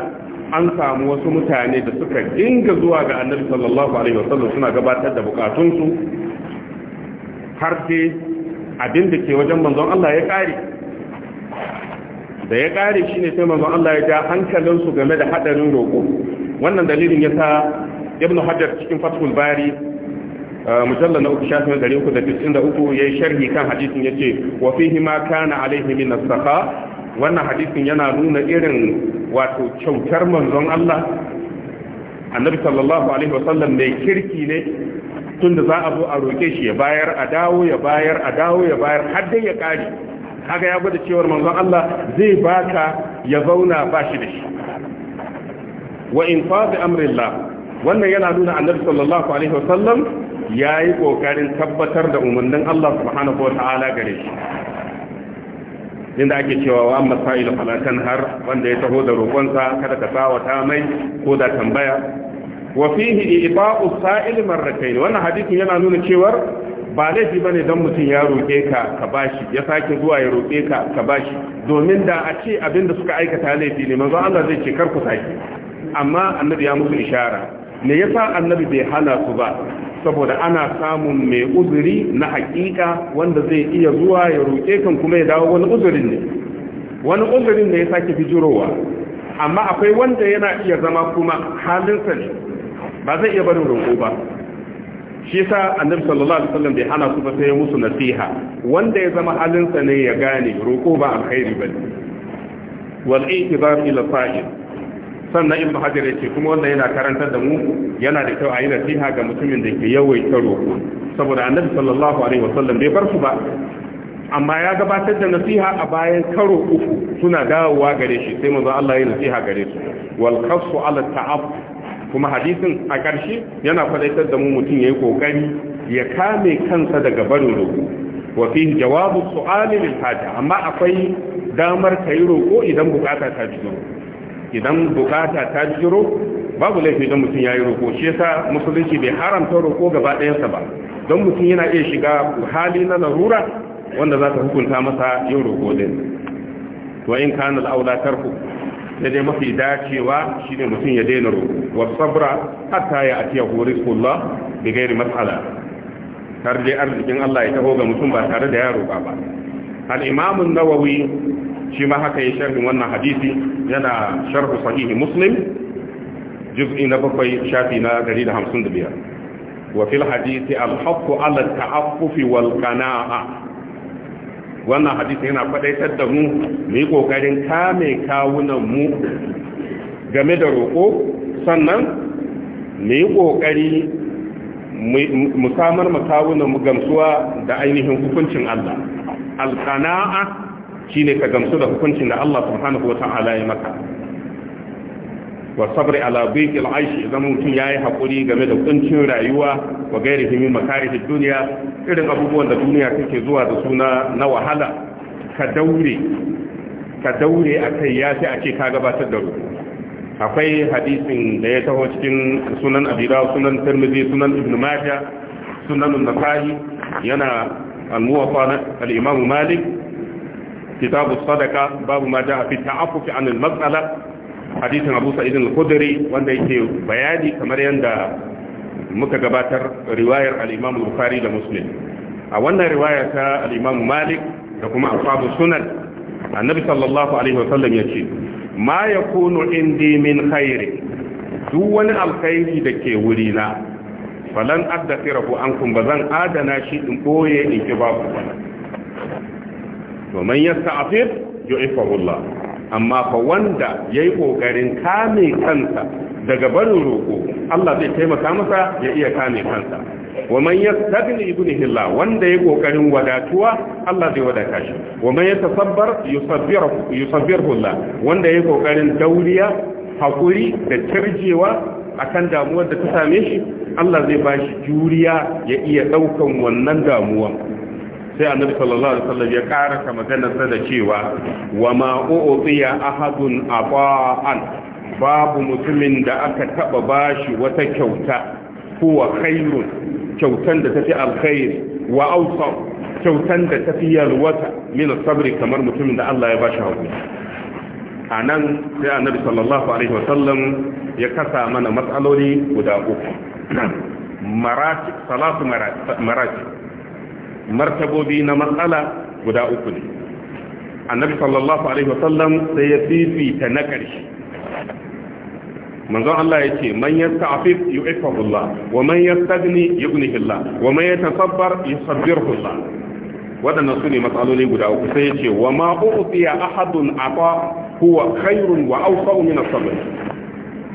an samu wasu mutane da suka dinga zuwa ga annabi sallallahu alaihi wasallam suna gabatar da bukatunsu har sai abin da ke wajen manzon Allah ya kare da ya kare shine sai manzon Allah ya ja su game da hadarin roƙo wannan dalilin yasa ibnu hajar cikin fathul bari mujalla na uku shafin ɗari uku da tisin da uku ya yi sharhi kan hadisin ya ce wa fihi ma kana alaihi min saka wannan hadisin yana nuna irin wato kyautar manzon Allah annabi sallallahu alaihi wa sallam mai kirki ne tun da za a zo a roƙe shi ya bayar a dawo ya bayar a dawo ya bayar har dai ya kare kaga ya gwada cewar manzon Allah zai baka ya zauna ba shi da shi wa in fa bi amrillah wannan yana nuna annabi sallallahu alaihi wa sallam. ya yi ƙoƙarin tabbatar da umarnin Allah subhanahu wa ta'ala gare shi inda ake cewa wa amma falatan har wanda ya taho da roƙonsa kada ka ta mai ko da tambaya wa fihi ilimin sa'il marratayn wannan hadisin yana nuna cewa ba laifi bane dan mutum ya roƙe ka ka bashi ya sake zuwa ya roƙe ka ka bashi domin da a ce abin da suka aikata laifi ne manzo Allah zai ce kar ku sake amma annabi ya musu ishara me yasa annabi bai hana su ba saboda ana samun mai uzuri na hakika wanda zai iya zuwa ya roƙe kan kuma ya dawo wani uzurin ne wani uzurin ne ya sake bijirowa amma akwai wanda yana iya zama kuma halinsa ne ba zai iya barin roƙo ba shi yasa annabi sallallahu alaihi wasallam bai hana su ba sai ya musu nasiha wanda ya zama halinsa ne ya gane roƙo ba alkhairi bane wal i'tibar ila sa'il sannan ibnu hajar ce kuma wanda yana karantar da mu yana da kyau a yi nasiha ga mutumin da ke yawaita roƙo saboda annabi sallallahu alaihi wasallam bai bar su ba amma ya gabatar da nasiha a bayan karo uku suna dawowa gare shi sai manzo Allah ya nasiha gare su wal khassu ala ta'ab kuma hadisin a ƙarshe yana faɗaitar da mu mutum yayi kokari ya kame kansa daga barin roƙo wa fi jawabu su'ali lil haja amma akwai damar kai roƙo idan bukata ta biyo idan bukata ta jiro babu laifi don mutum ya yi roko shi yasa musulunci bai haramta roko gaba ɗayansa ba don mutum yana iya shiga hali na larura wanda za ta hukunta masa yin roko din To in kana al'aula tarku da dai mafi dacewa shine mutum ya daina roko wa sabra hatta ya atiya rizqullah bi gairi mas'ala har arzikin Allah ya taho ga mutum ba tare da ya roƙa ba al-imam an-nawawi shi ma haka ya sharhin wannan hadisi yana sharhu sahihi muslim juz'i na bakwai shafi na 155 wa fil hadisi al ala ta'affufi wal qana'a wannan hadisi yana faɗaitar da mu mu yi kokarin kame kawunan mu game da roƙo sannan mu yi kokari mu samar mu kawunan mu gamsuwa da ainihin hukuncin Allah al-qana'a shine ka gamsu da hukuncin da Allah subhanahu wata'ala ya maka wa sabri ala biqil aishi idan mutum yi hakuri game da kuncin rayuwa wa gairi himi makarihid duniya irin abubuwan da duniya take zuwa da suna na wahala ka daure ka daure akai ya sai ce ka gabatar da rubutu akwai hadisin da ya taho cikin sunan abida sunan tirmidhi sunan ibn majah sunan nasai yana al-muwafa al-imam malik kitabu sadaka babu ma jaa fi ta'affufi matsala mas'ala hadisin Abu Sa'id al-Khudri wanda yake bayani kamar yadda muka gabatar riwayar al-Imam da Muslim a wannan riwayar ta al Malik da kuma ashabu sunan annabi sallallahu alaihi wasallam yace ma yakunu indi min khairi duk wani alkhairi da ke wuri na balan an addafirahu ba zan adana shi in boye in ki ba ku to man yasta'fif yu'iffahu Allah amma fa wanda yayi kokarin kame kansa daga barin roko Allah zai taimaka masa ya iya kame kansa wa man yastagni ibnihi Allah wanda yayi kokarin wadatuwa Allah zai wadata shi wa man yatasabbar yusabbiru yusabbiru Allah wanda yayi kokarin dauriya hakuri da tarjewa akan damuwar da ta same shi Allah zai ba shi juriya ya iya daukan wannan damuwar sai annabi sallallahu alaihi wasallam ya karasa maganarsa da cewa wa ma u'tiya ahadun aba'an babu mutumin da aka taba bashi wata kyauta huwa khairun kyautan da tafi alkhair wa awsa kyautan da tafi yalwata min sabri kamar mutumin da Allah ya bashi hakuri anan sai annabi sallallahu alaihi wasallam ya kasa mana matsaloli guda uku marati salatu marati martabobi na matsala guda uku ne annabi sallallahu alaihi wasallam sai ya fifita na ƙarshe manzon Allah ya ce man yasta'fif yu'iffahu Allah wa man yastaghni yughnihi Allah wa man yatasabbar yusabbirhu Allah wadannan su ne matsaloli guda uku sai ya ce wa ma u'tiya ahadun ata huwa khairun wa awsa'u min as-sabr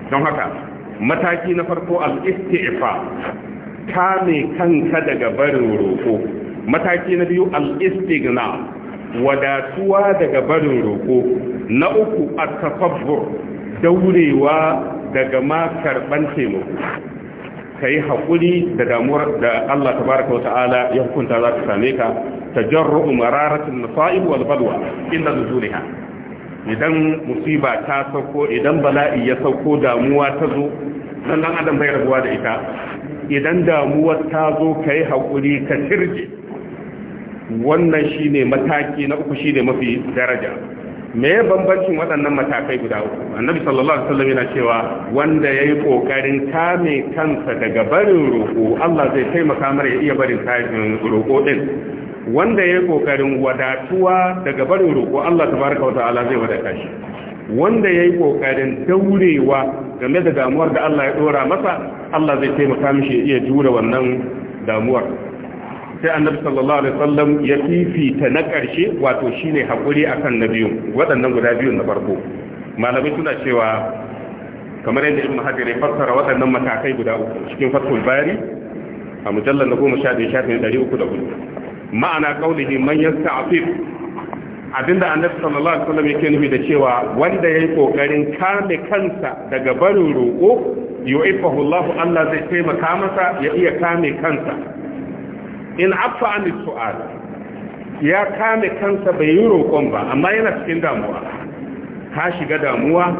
don haka mataki na farko al-isti'fa kame kanka daga barin roƙo mataki na biyu al-istighna wadatuwa daga barin roko na uku a tafabbur daurewa daga ma karban Ka kai hakuri da damuwar da Allah tabaraka wata'ala ya hukunta za ta same ka tajarru mararatin nasa'ib wal badwa inda nuzulha idan musiba ta sauko idan bala'i ya sauko damuwa ta zo sannan adam bai rabuwa da ita idan damuwa ta zo kai hakuri ka shirje wannan shi ne mataki na uku shi ne mafi daraja me ya bambancin waɗannan matakai guda uku annabi sallallahu alaihi wasallam yana cewa wanda yayi kokarin kame kansa daga barin roƙo, Allah zai taimaka mara ya iya barin roƙo din wanda yayi kokarin wadatuwa daga barin roƙo, Allah tabaraka wa ta'ala zai wadata shi wanda yayi kokarin daurewa game da damuwar da Allah ya ɗora masa Allah zai taimaka mishi ya iya jure wannan damuwar sai annabi sallallahu alaihi wasallam ya fifita na ƙarshe wato shine hakuri akan na biyu waɗannan guda biyu na farko malamai suna cewa kamar yadda ibn hajar ya fassara waɗannan matakai guda uku cikin fathul bari a mujallar na goma sha biyu shafin ɗari uku da hudu ma'ana kaulihi man yasta afif abinda annabi sallallahu alaihi wasallam yake nufi da cewa wanda yayi kokarin kame kansa daga barin roƙo yu'ifahu Allah Allah zai taimaka masa ya iya kame kansa in afa an su'al ya kame kansa bai yi roƙon ba amma yana cikin damuwa ka shiga damuwa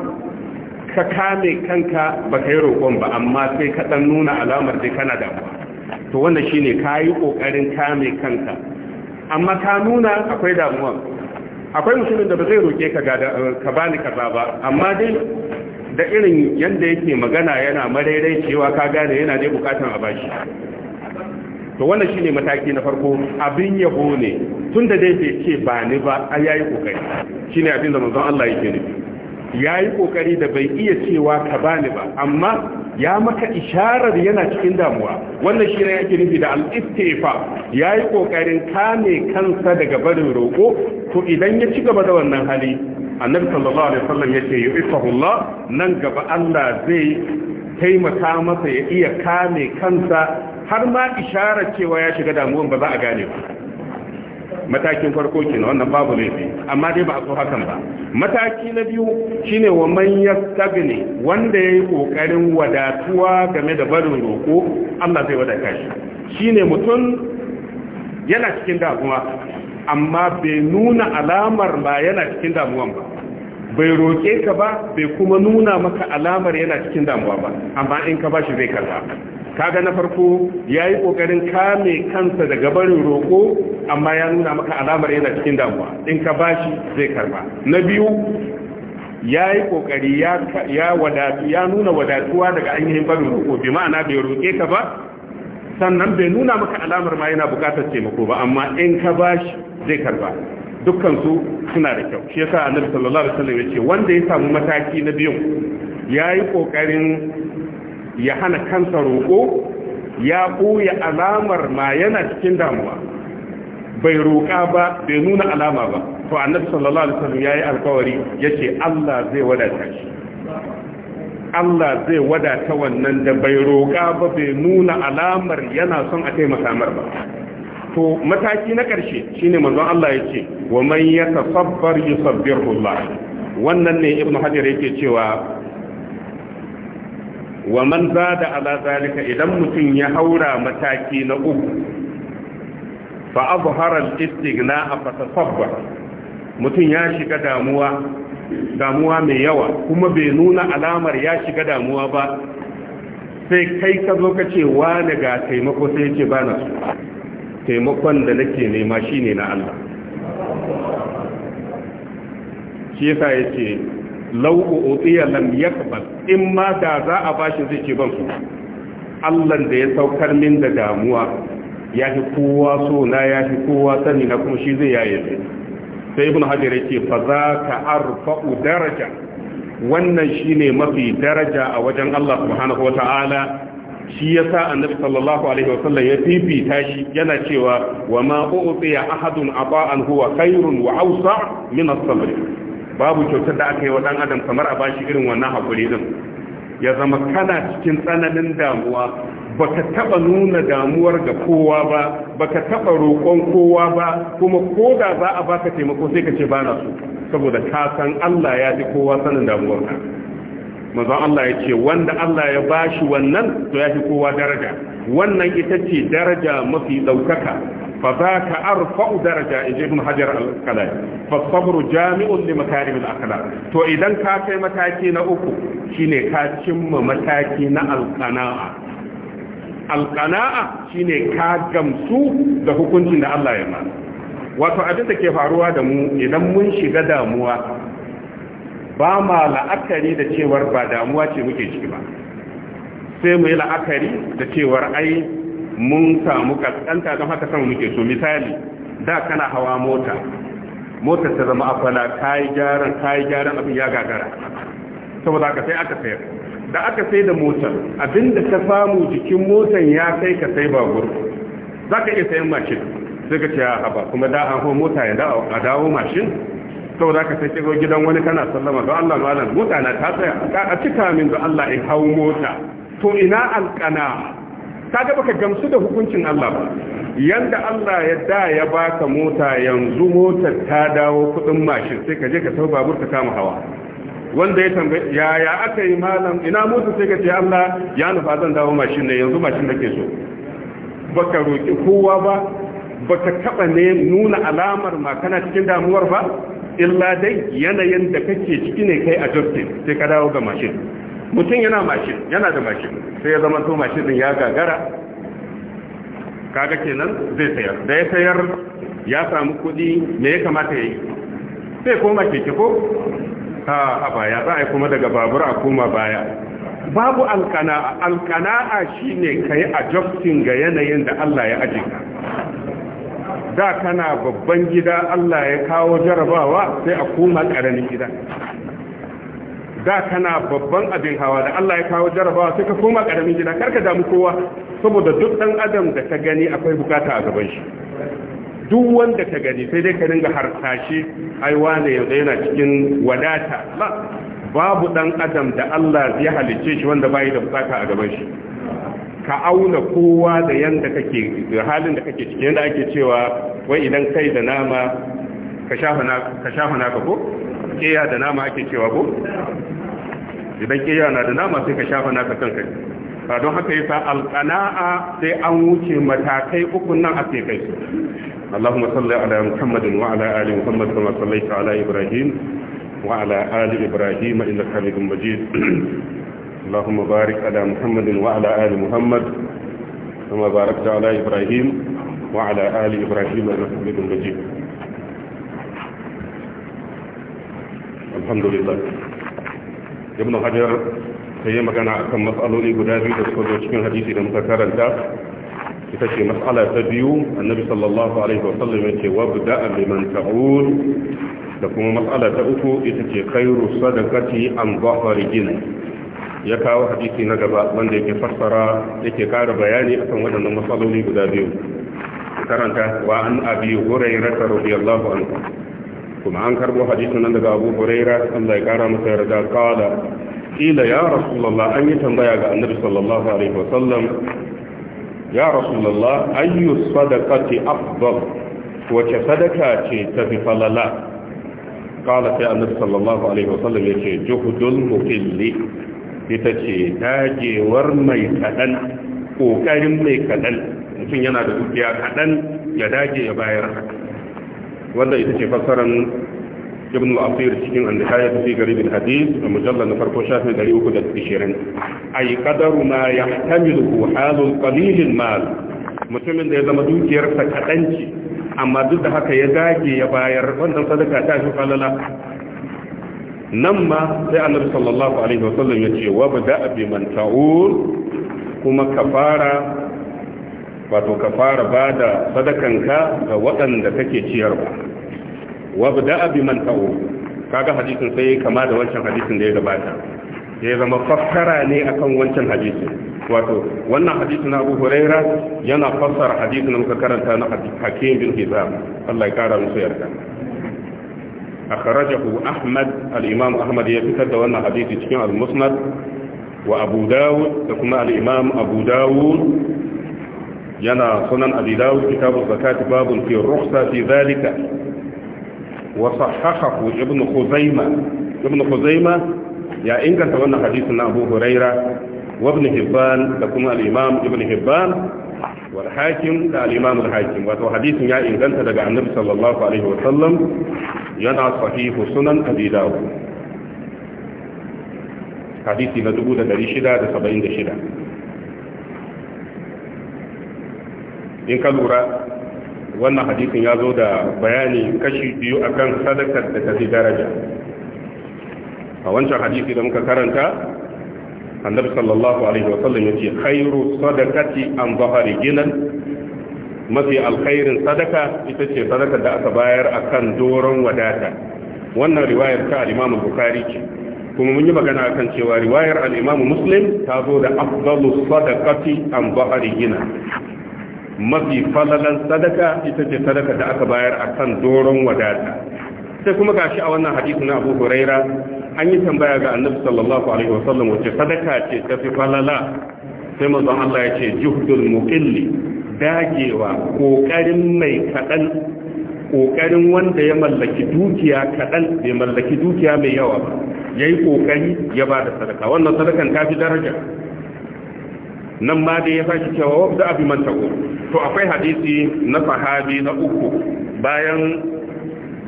ka kame kanka ba ka yi roƙon ba amma sai ka ɗan nuna alamar dai kana damuwa to wanda shine ka yi ƙoƙarin kame kanka amma ka nuna akwai damuwa akwai mutumin da ba zai roƙe ka ka bani kaza ba amma dai da irin yanda yake magana yana marairai cewa ka gane yana dai bukatan a bashi to wannan shine mataki na farko abin yabo ne tunda dai bai ce ba ni ba a yayi kokari shine abin da manzon Allah yake nufi yayi kokari da bai iya cewa ka bani ba amma ya maka isharar yana cikin damuwa wannan shine yake nufi da al-istifa yayi kokarin kame kansa daga barin roko to idan ya ci gaba da wannan hali annabi sallallahu alaihi wasallam yace yu'ifahu Allah nan gaba Allah zai taimaka masa ya iya kame kansa har ma isharar cewa ya shiga damuwan ba za a gane ba matakin farko na wannan babu laifi amma dai ba a so hakan ba mataki na biyu shine wa manyan yastaghni wanda yayi kokarin wadatuwa game da barin roko Allah zai wadata shi shine mutum yana cikin damuwa amma bai nuna alamar ba yana cikin damuwan ba bai roke ka ba bai kuma nuna maka alamar yana cikin damuwa ba amma in ka bashi zai karba kaga na farko ya yi ƙoƙarin kame kansa daga barin roƙo amma ya nuna maka alamar yana cikin damuwa in ka bashi zai karba na biyu ya yi ƙoƙari ya nuna wadatuwa daga ainihin barin roƙo bi ma'ana bai roƙe ka ba sannan bai nuna maka alamar ma yana buƙatar taimako ba amma in ka bashi zai karba dukkansu suna da kyau shi yasa annabi sallallahu alaihi wasallam ya ce wanda ya samu mataki na biyun ya yi ƙoƙarin ya hana kansa roƙo ya ɓoye alamar ma yana cikin damuwa bai roƙa ba bai nuna alama ba to annabi sallallahu alaihi wasallam yayi alƙawari yace Allah zai wadata shi Allah zai wadata wannan da bai roƙa ba bai nuna alamar yana son a taimaka mar ba to mataki na ƙarshe shine manzon Allah yace wa man yatasabbar yusabbirullah wannan ne ibnu hajar yake cewa wa man zada ala zalika idan mutum ya haura mataki na uku fa azhara al-istighna fa tasabba mutum ya shiga damuwa damuwa mai yawa kuma bai nuna alamar ya shiga damuwa ba sai kai ka zo ka ce wa daga taimako sai ce ba na taimakon da nake nema shine na Allah shi yasa yace law utiya lam yakbal in ma da za a bashi zai ce ban su Allah da ya saukar min da damuwa ya fi kowa so na ya fi kowa sani na kuma shi zai yaye su sai ibn hajar yake fa za ka arfa'u daraja wannan shine mafi daraja a wajen Allah subhanahu wata'ala shi yasa annabi sallallahu alaihi wasallam ya fifita shi yana cewa wa ma u'tiya ahadun ata'an huwa khairun wa awsa' min as-sabr babu kyautar da aka yi wa ɗan adam kamar a bashi irin wannan haƙuri din ya zama kana cikin tsananin damuwa baka taba nuna damuwar ga kowa ba baka taba roƙon kowa ba kuma ko da za a baka taimako sai ka ce ba na so saboda ka san Allah ya ji kowa sanin damuwar ka manzon Allah ya ce wanda Allah ya bashi wannan to ya fi kowa daraja wannan ita ce daraja mafi ɗaukaka. Ba za ka arfa'u daraja in ibn hajar al-qalai fa sabru jami'un li makarim to idan ka kai mataki na uku shine ka cimma mataki na al-qana'a shine ka gamsu da hukuncin da Allah ya mana wato abin da ke faruwa da mu idan mun shiga damuwa ba ma la'akari da cewar ba damuwa ce muke ciki ba sai mu yi la'akari da cewar ai mun samu kaskanta don haka sama muke so misali da kana hawa mota mota ta zama afala kai gyaran kai gyaran abin ya gagara saboda ka sai aka sayar da aka sai da motar abinda ka samu jikin motar ya kai ka sai babur za ka iya sayan mashin sai ka ce ah, haba kuma da an hau mota ya a dawo mashin saboda ka sai shigo gidan wani kana sallama don Allah malam mota na ta tsaya a cika min da Allah in hau mota to ina alƙana kaga baka gamsu da hukuncin Allah ba yanda Allah ya da ya baka mota yanzu motar ta dawo kudin mashin sai ka je ka sau babur ka kama hawa wanda ya tambaye yaya aka yi malam ina mota sai ka ce Allah ya nufa zan dawo mashin ne yanzu mashin nake so baka roki kowa ba baka taba ne nuna alamar ma kana cikin damuwar ba illa dai yanayin da kake ciki ne kai a justin sai ka dawo ga mashin mutum yana mashin yana da mashin sai ya zama to mashin din ya gagara kaga kenan zai sayar da ya sayar ya samu kuɗi me ya kamata ya sai koma keke ko a baya za a yi kuma daga babur a koma baya babu alkana'a alkana'a shine ka yi adjusting ga yanayin da Allah ya aje ka da kana babban gida Allah ya kawo jarabawa sai a koma ƙaramin gida da kana babban abin hawa da Allah ya kawo jarabawa sai ka koma karamin gida karka damu kowa saboda duk dan adam da ka gani akwai bukata a gaban shi duk wanda ka gani sai dai ka dinga harkashi ai wane yanzu yana cikin wadata babu dan adam da Allah ya halicce shi wanda bai da bukata a gaban shi ka auna kowa da yanda kake halin da kake cikin yanda ake cewa wai idan kai da nama ka shafa ka ko keya da nama ake cewa ko idan kiyaya yana da nama sai ka shafa naka kanka ba don haka yasa alqana'a sai an wuce matakai uku nan a kai su Allahumma salli ala Muhammadin wa ala ali Muhammad kama sallaita ala Ibrahim wa ala ali Ibrahim innaka Hamidum Majid اللهم بارك wa ala ali Muhammad محمد كما باركت Ibrahim wa ala ali Ibrahim إنك حميد مجيد الحمد لله ibn hajar ta yi magana akan matsaloli guda biyu da suka zo cikin hadisi da muka karanta ita ce matsala ta biyu annabi sallallahu alaihi wasallam yace wabda liman ta'ul da kuma matsala ta uku ita ce khairu sadaqati an dhahari ya kawo hadisi na gaba wanda yake fassara yake kara bayani akan waɗannan matsaloli guda biyu karanta wa an abi hurairah radiyallahu anhu kuma an karbo hadisin nan daga Abu Huraira Allah ya kara masa yarda kala ila ya rasulallah an yi tambaya ga annabi sallallahu alaihi wasallam ya rasulullah ayyu sadaqati afdal wace sadaka ce ta fi falala kala sai annabi sallallahu alaihi wasallam yace juhdul mukilli ita ce dajewar mai kadan kokarin mai kadan mutum yana da dukiya kadan ya dage ya bayar haka wanda ita ce fassarar ibn al-asir cikin an-nihaya fi garib al-hadith a mujallal na farko shafi 320 ay qadaru ma yahtamilu halul qalil al-mal mutumin da ya zama dukiyar sa kadanci amma duk da haka ya dage ya bayar wannan sadaka ta fi falala nan ma sai annabi sallallahu alaihi wasallam ya ce wa bada bi man ta'ul kuma kafara wato ka fara ba da sadakanka ga waɗanda kake ciyarwa wabda bi man ta'u kaga hadisin sai kama da wancan hadisin da ya gabata ya zama fassara ne akan wancan hadisin wato wannan hadisi na abu huraira yana fassara hadisi na muka karanta na hakim bin hizam Allah ya kara musu yarda akhrajahu ahmad al-imam ahmad ya fitar da wannan hadisi cikin al-musnad wa abu dawud da kuma al-imam abu dawud yana sunan abi dawud kitabu zakati babun fi ruksa fi zalika wa sahahahu ibn khuzaima ibn khuzaima ya inganta wannan hadisin na abu huraira wa ibn hibban da kuma al-imam ibn hibban wal hakim da al-imam al-hakim wato hadisin ya inganta daga annabi sallallahu alaihi wa sallam yana sahihu sunan abi hadisi na 1676 in ka lura wannan hadisin ya zo da bayani kashi biyu a kan sadakar da ta fi daraja a wancan hadisi da muka karanta annabi sallallahu alaihi wa sallam yace khairu sadaqati an zahari gina, mafi alkhairin sadaka ita ce sadaka da aka bayar akan doron wadata wannan riwayar ta al-Imam Bukhari ce kuma mun yi magana akan cewa riwayar al-Imam Muslim ta zo da afdalu sadaqati an zahari gina. mafi falalan sadaka ita ce sadaka da aka bayar a kan doron wadata sai kuma gashi a wannan hadisi na abu huraira an yi tambaya ga annabi sallallahu alaihi wasallam wace sadaka ce ta fi falala sai manzon Allah ya ce juhdul muqilli dagewa kokarin mai kadan kokarin wanda ya mallaki dukiya kadan bai mallaki dukiya mai yawa ba yayi kokari ya bada sadaka wannan sadakan ta fi daraja nan ma dai ya sake cewa wabda abin man ta'u to akwai hadisi na sahabi na uku bayan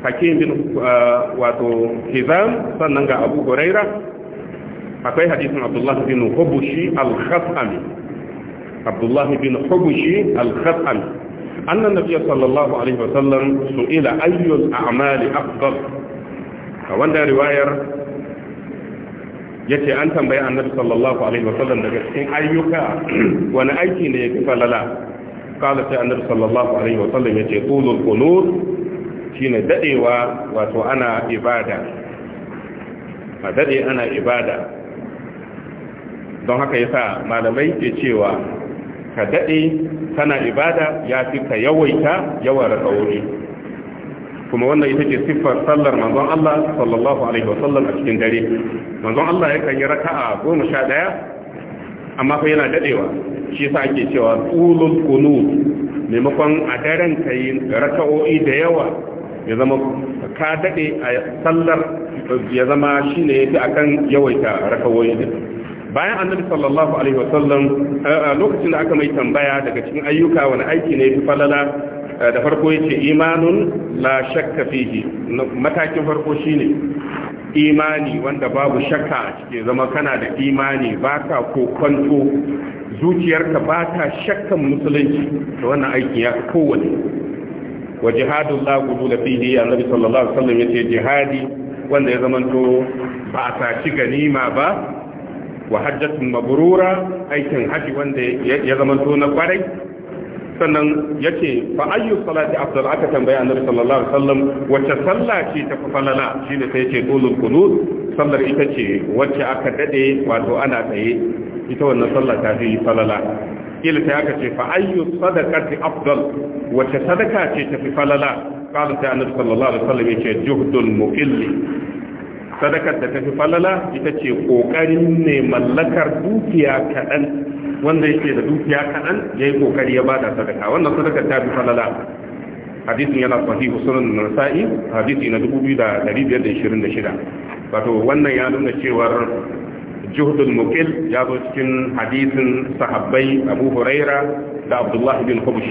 hakim bin uh, wato hizam sannan ga abu Guraira. akwai hadisin Abdullahi bin hubushi al-khasami Abdullahi bin hubushi al-khasami annan biya sallallahu alaihi wasallam su'ila ayyul a'mali afdal a wannan riwayar yace an tambayi annabi sallallahu alaihi wasallam daga cikin ayyuka wani aiki ne ya fi falala kala sai annabi sallallahu alaihi wasallam yace qulul qunut shine dadewa wato ana ibada a dade ana ibada don haka yasa malamai ke cewa ka dade kana ibada ya fi ka yawaita yawan rakawoyi kuma wannan ita ce siffar sallar manzon Allah sallallahu alaihi wa sallam a cikin dare manzon Allah yakan yi raka'a goma sha daya amma fa yana dadewa shi yasa ake cewa tsulul qunut maimakon a daren kai raka'o'i da yawa ya zama ka dade a sallar ya zama shine yafi akan yawaita raka'o'i bayan annabi sallallahu alaihi wa sallam lokacin da aka mai tambaya daga cikin ayyuka wani aiki ne fi falala Eh, da farko yace imanun la shakka fihi matakin farko shine imani wanda babu shakka a cike zama kana da imani baka kwanto zuciyarka ba ta shakkan musulunci to wannan aiki ya kowane wa jihadun la gudula fihi annabi sallallahu alaihi wasallam yace jihadi wanda ya ba a saci ganima ba wa hajjatun mabrura aikin haji wanda ya zamanto na kwarai sannan ya ce fa ayyu salati afdal aka tambaya annabi sallallahu alaihi wasallam wacce sallah ce ta fi falala shine sai yace dulul qunut sallar ita ce wacce aka dade wato ana tsaye ita wannan sallah ta fi falala kila sai aka ce fa ayyu sadaqati afdal wacce sadaka ce ta fi falala qala sai annabi sallallahu alaihi wasallam yace juhdul muqilli sadakar da ta fi falala ita ce kokarin ne mallakar dukiya kaɗan wanda yake da dukiya kaɗan ya yi ƙoƙari ya ba da sadaka wannan sadaka ta fi falala hadisin yana sahihu sunan nasa'i hadisi na 2526 wato wannan ya nuna cewar juhdul muqil ya zo cikin hadisin sahabbai abu huraira da abdullahi bin hubush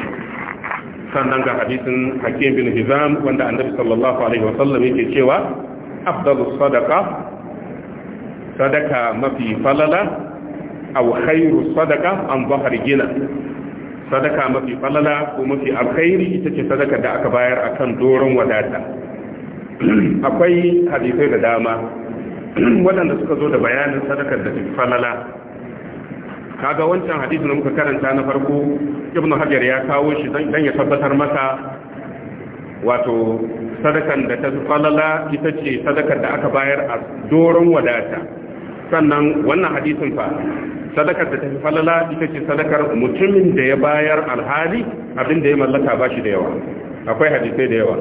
sannan ga hadisin hakim bin hizam wanda annabi sallallahu alaihi wasallam yake cewa afdalus sadaqa sadaka mafi falala aw khairu sadaqa an zahar gina sadaka mafi falala ko mafi alkhairi ita ce sadaka da aka bayar akan doron wadata akwai hadisai da dama waɗanda suka zo da bayanin sadakar da fi falala kaga wancan hadisi da muka karanta na farko ibnu hajar ya kawo shi dan ya tabbatar masa wato sadakan da ta falala ita ce sadakar da aka bayar a doron wadata sannan wannan hadisin fa sadakar da tafi falala ita ce sadakar mutumin da ya bayar alhali abin da ya mallaka ba shi da yawa akwai hadisai da yawa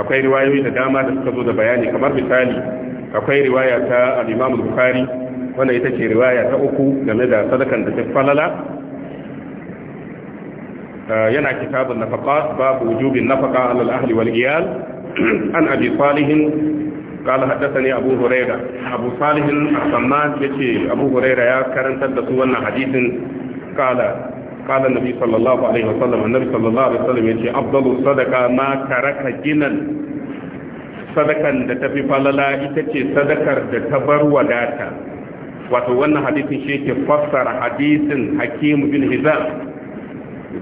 akwai riwayoyi da dama da suka zo da bayani kamar misali akwai riwaya ta al-Imam Bukhari wanda ita ce riwaya ta uku game da sadakar da tafi falala ah, yana kitabun nafaka babu wujubin nafaka ala al-ahli wal iyal an abi salih قال حدثني أبو هريرة أبو صالح السمان يتي أبو هريرة يا كرن تدسوا أن حديث قال قال النبي صلى الله عليه وسلم النبي صلى الله عليه وسلم يتي أفضل الصدقة ما ترك جنا sadakan da ta falala ita ce sadakar da ta bar wadata wato wannan hadisin shi ke fassara hadisin hakim bin hizam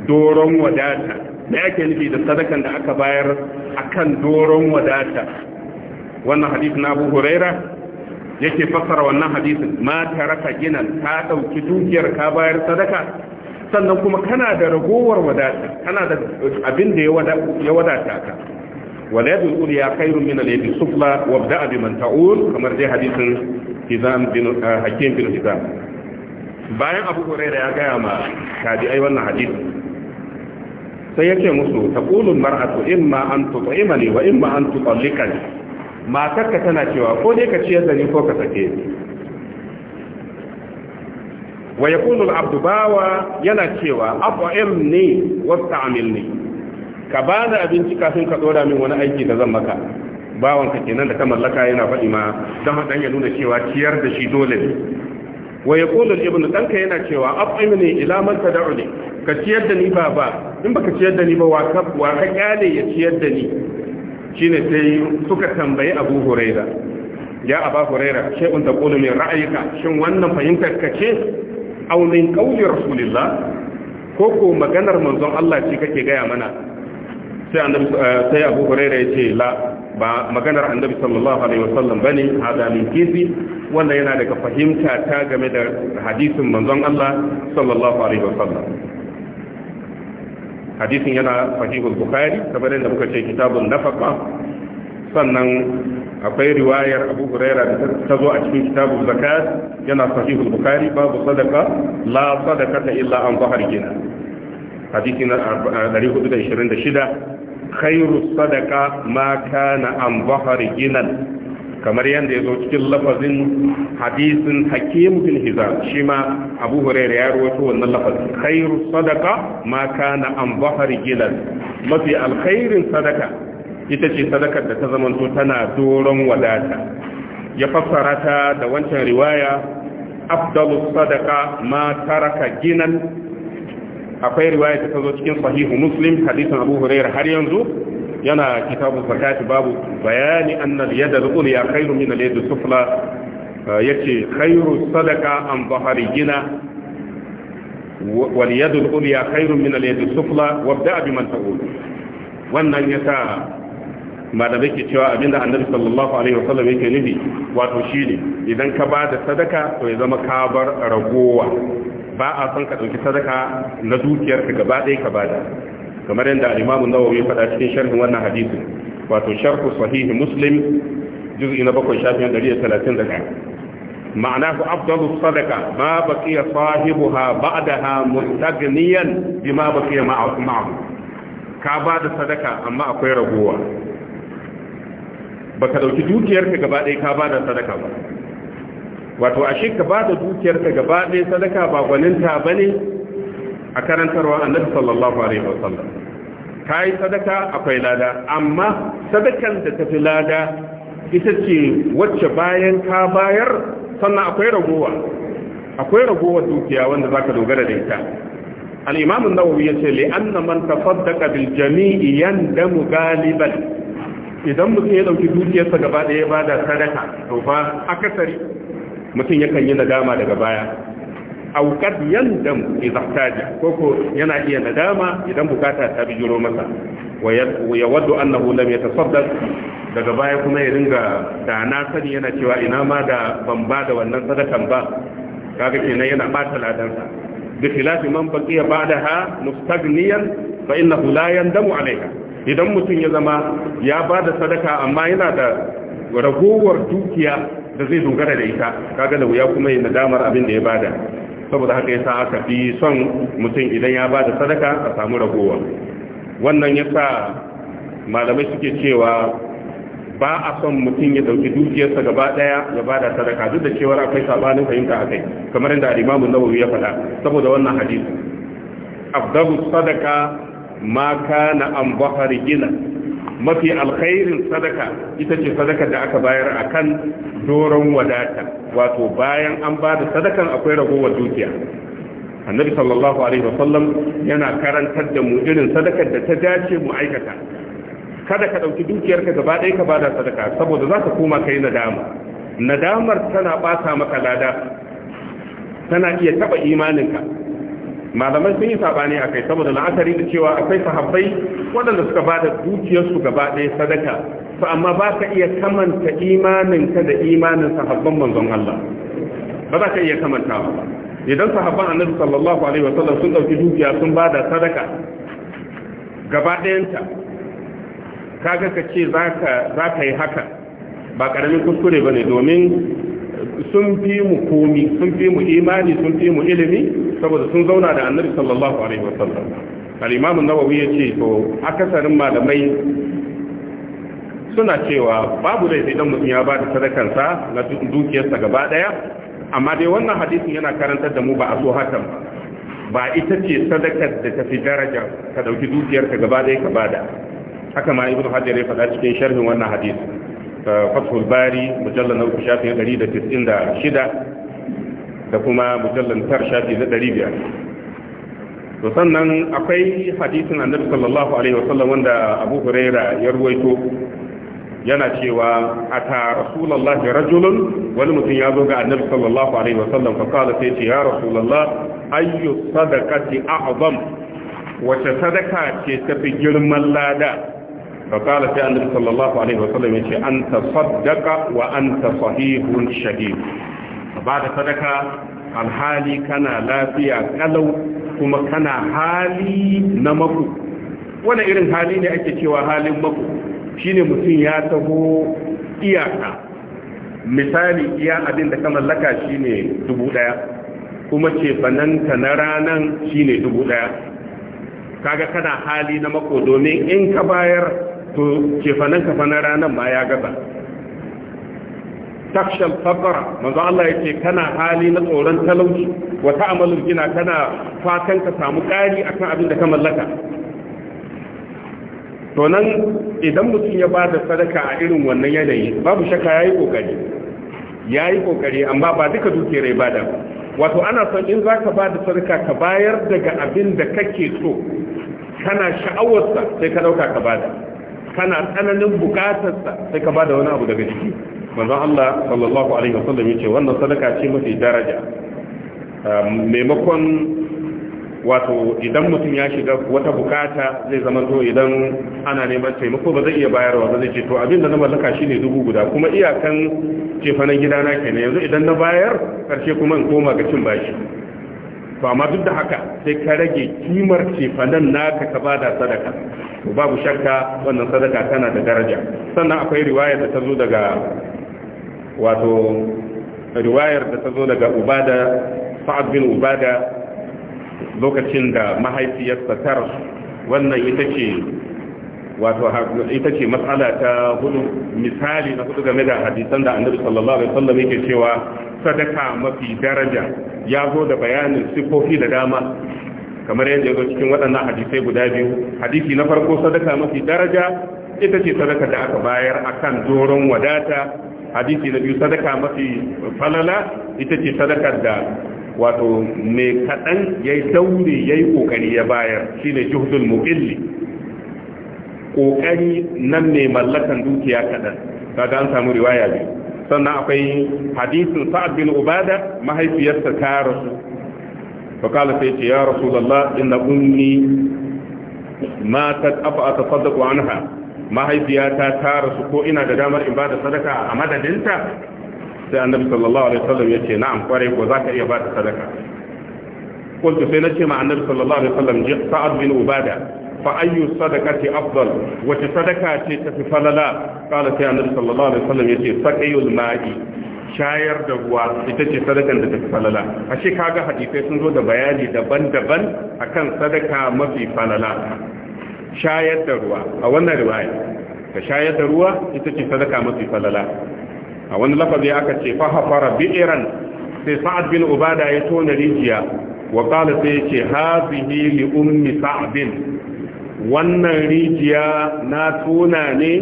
doron wadata da yake nufi da sadakan da aka bayar akan doron wadata wannan hadisin abu huraira yake fassara wannan hadisin ma taraka ginan ka dauki dukiyar ka bayar sadaka sannan kuma kana da ragowar wadata kana da abin da ya wadata ka waladul ulya khairun min al-yadi sufla wabda bi man ta'ul kamar dai hadisin hizam bin ah, hakim bin hizam bayan abu huraira ya gaya ma tabi'ai wannan hadisin sai yake musu taqulul mar'atu imma an tut'imani wa imma an tutallika ka tana cewa ko dai ka ciyar da ni ko ka sake ni wa yakunu al-abdu bawa yana cewa at'im ni wasta'mil ni ka bani abinci kafin ka dora min wani aiki da zan maka bawan ka kenan da ka mallaka yana faɗi ma dan hadan ya nuna cewa ciyar da shi dole ne wa yakunu al-ibn danka yana cewa at'im ni ila man tad'uni ka ciyar da ni baba in baka ciyar da ni ba wa ka kyale ya ciyar da ni shine sai suka tambayi abu huraira ya aba huraira shay'un taqulu min ra'ayika shin wannan fahimtar ka ce aw min qawli rasulillah ko ko maganar manzon Allah ce kake gaya mana sai annabi eh, sai abu huraira ce la ba maganar annabi sallallahu alaihi wasallam bane hada min kisi wanda yana daga fahimta ta game da hadisin manzon Allah sallallahu alaihi wasallam hadisin yana sahihul bukhari kamar yadda muka ce kitabun nafaqa sannan akwai riwayar abu huraira da ta zo a cikin kitabun zakat yana sahihul bukhari babu sadaka la sadaqata illa an zahar gina hadisi na 426 khairu sadaka ma kana an zahar gina. kamar yadda ya zo cikin lafazin hadisin hakim bin hizam shi ma abu ya rawaito wannan lafazin khairu sadaka ma kana an bahari mafi alkhairin sadaka ita ce sadakar da ta zamanto tana doron wadata ya fassara ta da wancan riwaya afdalus sadaka ma taraka ginan akwai riwaya ta zo cikin sahihu muslim hadisin abu har yanzu yana kitabun zakati babu bayani annal yadda rukun ya khairu min al yadda sufla uh, yace khairu sadaka an bahari gina wal yadda rukun ya khairu min al yadda sufla wabda bi man taqul wannan yasa da ke cewa abinda annabi sallallahu alaihi wasallam yake nufi wato shine idan ka ba da sadaka to ya zama ka bar ragowa ba a son ka dauki sadaka na dukiyarka gaba ɗaya ka bada kamar yadda alimamu nawa an-Nawawi faɗa cikin sharhin wannan hadisi wato sharhu sahihi Muslim juz'i na talatin shafin ɗaya ma'ana ku afdalu sadaka ma ha sahibuha ba'daha mustaghniyan bima baqiya ma'amu ka ba da sadaka amma akwai ragowa baka dauki dukiyarka gaba ɗaya ka ba da sadaka ba wato ashe ka ba da dukiyarka gaba ɗaya sadaka ba gwaninta ne? a karantarwa annabi sallallahu alaihi wasallam kai sadaka akwai lada amma sadakan da tafi lada ita ce wacce bayan ka bayar sannan akwai ragowa akwai ragowar dukiya wanda zaka dogara da ita al-imam an-nawawi yace li anna man tafaddaqa bil jami'i yandamu idan mutum ya dauki dukiyarsa gaba daya ya bada sadaka to fa akasari mutum yakan yi nadama daga baya aw qad yandam idza koko yana iya nadama idan bukata ta bijiro masa ya yawaddu annahu lam yatasaddaq daga baya kuma ya ringa da na sani yana cewa ina ma da ban ba da wannan sadakan ba kaga kenan yana bata ladansa bi khilafi man baqiya ba'daha mustaghniyan fa innahu la yandamu alayha idan mutum ya zama ya ba da sadaka amma yana da ragowar dukiya da zai dogara da ita kaga da wuya kuma yi nadamar abin da ya bada saboda haka ya yasa aka fi son mutum idan ya ba da sadaka a samu ragowa wannan yasa malamai suke cewa ba a son mutum ya dauki dukiyarsa gaba daya ya bada sadaka duk da cewa akwai sabanin fahimta a kai. kamar yadda al-Imam nawawi ya faɗa saboda wannan hadisi afdalu sadaka ma kana an bahar gina mafi alkhairin sadaka ita ce sadaka da aka bayar a kan doron wadata wato bayan an ba da sadakan akwai ragowar dukiya annabi sallallahu alaihi wa sallam yana karantar da mu irin sadakar da ta dace mu aikata kada ka ɗauki dukiyarka gaba ɗaya ka bada sadaka saboda za ka koma kai nadama nadamar tana ɓata maka lada tana iya taɓa imaninka malaman sun yi sabani akai saboda la'akari da cewa akwai sahabbai waɗanda suka ba da dukiyarsu gaba ɗaya sadaka fa amma ba ka iya kamanta ka da imanin sahabban manzon Allah ba za ka iya kamanta ba idan sahabban annabi sallallahu alaihi wa sallam sun ɗauki dukiya sun ba da sadaka gaba ɗayanta kaga ka ce za ka yi haka ba ƙaramin kuskure ba ne domin sun fi mu komi sun fi mu imani sun fi mu ilimi saboda sun zauna da annabi sallallahu alaihi sallam al-imam an-nawawi yace to akasarin malamai suna cewa babu dai dan mutum ya bada da sadakansa na dukiyarsa gaba daya amma dai wannan hadisin yana karantar da mu ba a so hakan ba ita ce sadakar da ta fi daraja ka dauki ka gaba daya ka bada haka ma ibnu hajar ya faɗa cikin sharhin wannan hadisi fathul bari mujallar na uku shafi 196 da kuma mujallar tar shafi na 500 to sannan akwai hadisin annabi sallallahu alaihi wasallam wanda abu huraira ya ruwaito yana cewa a ta rasulallah ya rajulun wani mutum ya zo ga annabi sallallahu alaihi wasallam fa kala sai ce ya rasulallah ayyu sadaqati a'zam wace sadaka ce tafi girman lada fa qala sai annabi sallallahu alaihi wa wasallam yace an tasaddaqa wa anta sahihun shahid ba da sadaka alhali kana lafiya kalau kuma kana hali na maku wani irin hali ne ake cewa halin maku shine mutum ya taho iyaka misali iya abin da ka mallaka shine dubu daya kuma ce fananta na ranan shine dubu daya kaga kana hali na mako domin in ka bayar to fanan ka na ranar ma ya gaza takshal fakara manzo Allah yake kana hali na tsoron talauci wa ta'amalul gina kana fatan ka samu kari akan abin da ka mallaka to nan idan mutum ya bada sadaka a irin wannan yanayi babu shakka yayi kokari yayi kokari amma ba duka duke ya bada wato ana son in zaka da sadaka ka bayar daga abin da kake so kana sha'awarsa sai ka dauka ka bada kana tsananin bukatarsa sai ka bada wani abu daga ciki manzon Allah sallallahu alaihi wasallam yace wannan sadaka ce mafi daraja maimakon wato idan mutum ya shiga wata bukata zai zama to idan ana neman taimako ba zai iya bayarwa ba zai ce to abin da na mallaka shine dubu guda kuma iyakan cefanen gidana kenan yanzu idan na bayar karshe kuma in koma ga cin bashi to amma duk da haka sai ka rage kimar cefanen naka ka da sadaka to babu shakka wannan sadaka tana da daraja sannan akwai riwayar da ta zo daga wato riwayar da ta zo daga ubada sa'ad bin ubada lokacin da mahaifiyarsa ta wannan ita ce wato ita ce matsala ta hudu misali na hudu game da hadisan da annabi sallallahu alaihi wasallam yake cewa sadaka mafi daraja ya zo da bayanin sifofi da dama kamar yadda yazo cikin waɗannan hadisai guda biyu hadisi na farko sadaka mafi daraja ita ce sadaka da aka bayar akan doron wadata hadisi na biyu sadaka mafi falala ita ce sadaka da wato mai kaɗan ya yi daure ya yi ƙoƙari ya bayar shine juhdul mu'illi kokari nan ne mallakan dukiya kadan kaga an samu riwaya ne. sannan akwai hadisin sa'ad bin ubada mahaifiyarsa ta rasu fa kala sai ce ya rasulullah inna ummi matat afa atasaddaqu anha mahaifiyata ta rasu ko ina da damar in bada sadaka a madadinta sai annabi sallallahu alaihi wasallam yace na'am kware ko zaka iya bada sadaka قلت سينتي مع النبي صلى الله عليه وسلم سعد بن عباده fa ayyu sadaqati afdal wace sadaka ce tafi falala qala sai annabi sallallahu alaihi wasallam yace saqayul ma'i shayar da ruwa ita ce sadakan da tafi falala ashe kaga hadisai sun zo da bayani daban-daban akan sadaka mafi falala shayar da ruwa a wannan riwaya ka shayar da ruwa ita ce sadaka mafi falala a wani lafazi aka ce fa bi'iran sai sa'ad bin Obada ya tona rijiya wa sai yace hazihi ummi sa'bin wannan rijiya na tona ne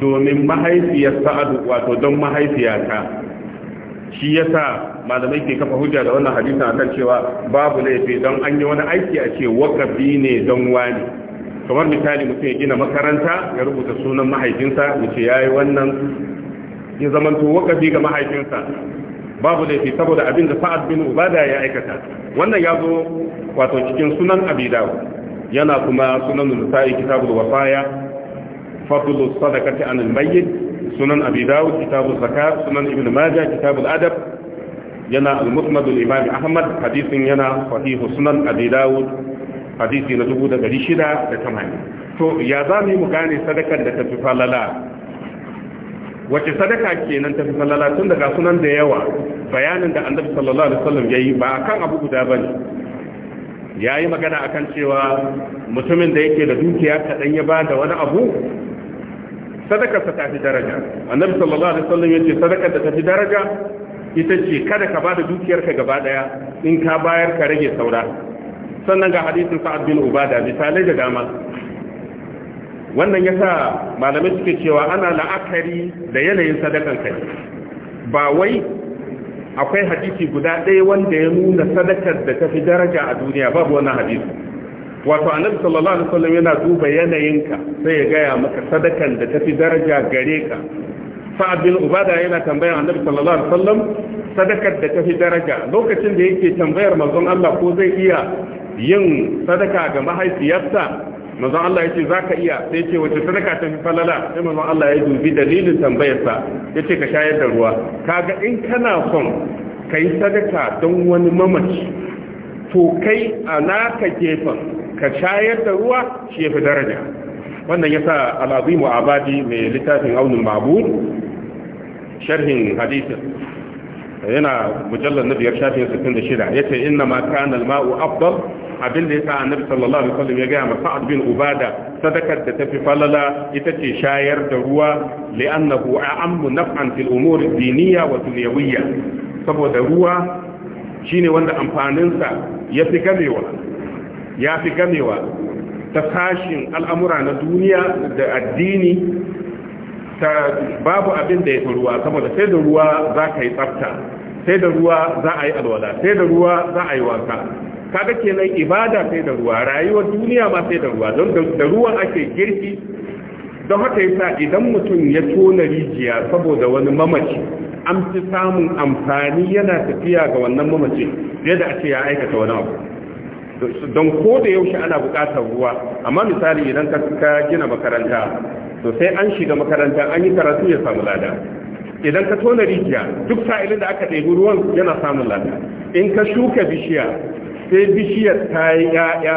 domin mahaifiyar sa'adu wato don mahaifiyata shi ya sa malamai ke kafa hujja da wannan hadisin akan cewa babu laifi don an yi wani aiki a ce wakafi ne don wani kamar misali mutum ya gina makaranta ya rubuta sunan mahaifinsa wuce ce ya yi wannan ya zamanto wakafi ga mahaifinsa babu laifi saboda abin da sa'ad bin ubada ya aikata wannan ya zo wato cikin sunan abidawa yana kuma sunan nisa'i kitabul wasaya fadlus sadaqati anil mayyit sunan abi dawud kitabuz zakat sunan ibn majah kitabul adab yana al-musnad al-imam ahmad hadisin yana sahih sunan abi dawud hadisi na dubu shida da tamanin. to ya za mu gane sadakar da ta fi falala wace sadaka kenan ta fi falala tun daga sunan da yawa bayanin da annabi sallallahu alaihi wasallam yayi ba akan abu guda bane ya yi magana a kan cewa mutumin da yake da dukiya kaɗan ya ba da wani abu sadakarsa ta fi daraja annabi sallallahu alaihi wasallam yace sadakar da ta fi daraja ita ce kada ka ba da dukiyarka gaba daya in ka bayar ka rage saura sannan ga hadisin sa'ad bin ubada misalai da dama wannan yasa malamai suke cewa ana la'akari da yanayin sadakan kai ba wai akwai hadisi guda ɗaya wanda ya nuna sadakar da ta fi daraja a duniya babu wani hadisi wato annabi sallallahu alaihi wasallam yana duba yanayinka sai ya gaya maka sadakan da ta fi daraja gare ka sa'ad bin ubada yana tambayar annabi sallallahu alaihi wasallam sadakar da ta fi daraja lokacin da yake tambayar manzon Allah ko zai iya yin sadaka ga mahaifiyarsa manzon Allah yace zaka iya sai ce wace sadaka ta fi falala sai manzon Allah ya dubi dalilin tambayarsa. Ya ce ka shayar da ruwa kaga in kana son kai sadaka don wani mamaci to kai a naka gefen ka shayar da ruwa shi yafi daraja wannan yasa al-azimu abadi mai littafin aunin babu, sharhin hadisin yana mujallar na biyar shafin 66 yace inna ma kana al-ma'u afdal abin da yasa annabi sallallahu alaihi wasallam ya gaya ma abin bin ubada sadakar da tafi falala ita ce shayar da ruwa li'annahu a'ammu naf'an fil umur diniyya wa dunyawiyya saboda ruwa shine wanda amfaninsa ya fi gamewa ya gamewa ta sashin al'amura na duniya da addini ta babu abin da ya fi ruwa saboda sai da ruwa za ka yi tsafta sai da ruwa za a yi alwala sai da ruwa za a yi wanka kaga kenan ibada sai da ruwa rayuwar duniya ma sai da ruwa don da ruwan ake girki don haka yasa idan mutum ya tona rijiya saboda wani mamaci an fi samun amfani yana tafiya ga wannan mamaci fiye da ake ya aikata wani abu don ko da yaushe ana bukatar ruwa amma misali idan ka gina makaranta to sai an shiga makaranta an yi karatu ya samu lada idan ka tona rijiya duk sa'ilin da aka ɗebi ruwan yana samun lada in ka shuka bishiya sai bishiyar ta yi ya'ya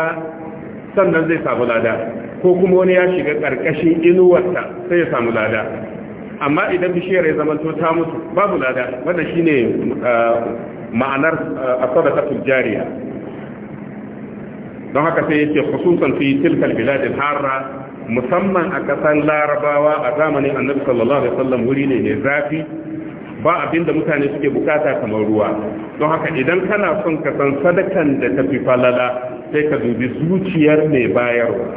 sannan zai samu lada ko kuma wani ya shiga ƙarƙashin inuwarta sai ya samu lada amma idan bishiyar ya zamanto ta mutu babu lada wanda shine eh, ma'anar eh, ta jariya don haka sai yake khususan fi tilkal biladil harra musamman a kasan larabawa a zamanin annabi sallallahu alaihi wasallam wuri ne mai zafi ba abinda mutane suke bukata kamar ruwa don haka idan kana son ka san sadakan da tafi falala sai ka dubi zuciyar mai bayarwa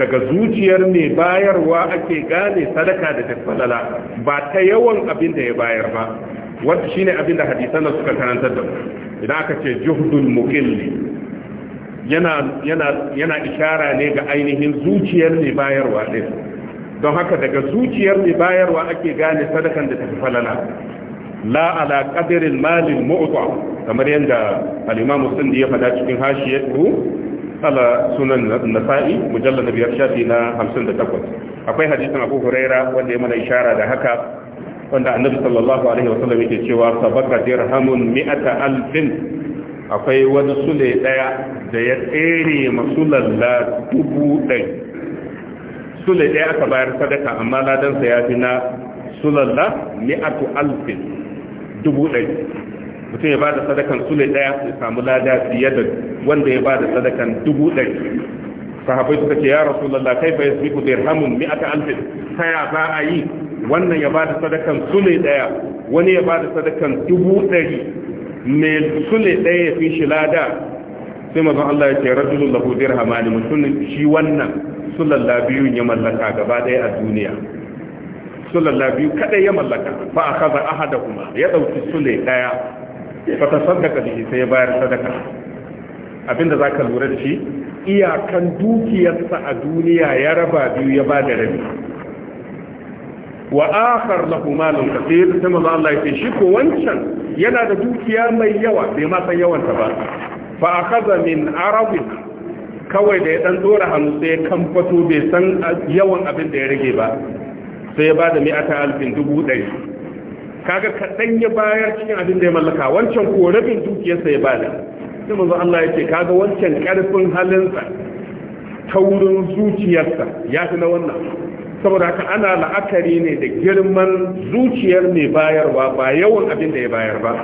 daga zuciyar mai bayarwa ake gane sadaka da falala ba ta yawan abin da ya bayar ba wanda shine abin da hadisan suka karanta da idan aka ce juhdul muqilli yana ishara ne ga ainihin zuciyar mai bayarwa ɗin don haka daga zuciyar mai bayarwa ake gane sadakan da tafi falala la ala kadirin malin mu'ta kamar yadda al-imam muslim ya faɗa cikin hashiyatu ala sunan nasa'i mujallar na biyar shafi na takwas. akwai hadisin abu huraira wanda ya mana ishara da haka wanda annabi sallallahu alaihi wasallam yake cewa sabaka dirhamun mi'ata alfin akwai wani sule daya da ya tsere masulalla dubu ɗai sule daya aka bayar sadaka amma ladansa ya fi na sulalla mi'atu alfin dubu ɗai mutum ya ba da sadakan sule daya su samu lada fiye da wanda ya ba da sadakan dubu ɗai sahabai suka ce ya rasulallah kai bai fa hamun dirhamun mi'ata alfin ta ya za a yi wannan ya ba da sadakan sule daya wani ya ba da sadakan dubu ɗari mai sule ɗaya ya fi shi lada sai mazan Allah ya ce rajulun lahu dirhamani mutum shi wannan sulalla biyun ya mallaka gaba ɗaya a duniya sulalla biyu kadai ya mallaka fa akaza kuma ya dauki sule daya fa tasaddaqa bihi sai ya bayar sadaka abinda za ka lura da shi iyakan dukiyarsa a duniya ya raba biyu ya ba da rabi wa akhar lahu malun kaseer sai manzo Allah yake shi ko wancan yana da dukiya mai yawa bai ma san yawan ta ba fa akhadha min arabi kawai da ya dan dora hannu sai ya kamfato bai san yawan abin da ya rage ba sai ya bada mi'ata alfin dubu ɗari kaga kaɗan ya bayar cikin abin da ya mallaka wancan ko rabin dukiyarsa ya bada sai manzo Allah yake kaga wancan karfin halinsa wurin zuciyarsa ya fi na wannan saboda haka ana la'akari ne da girman zuciyar mai bayarwa ba yawan abin da ya bayar ba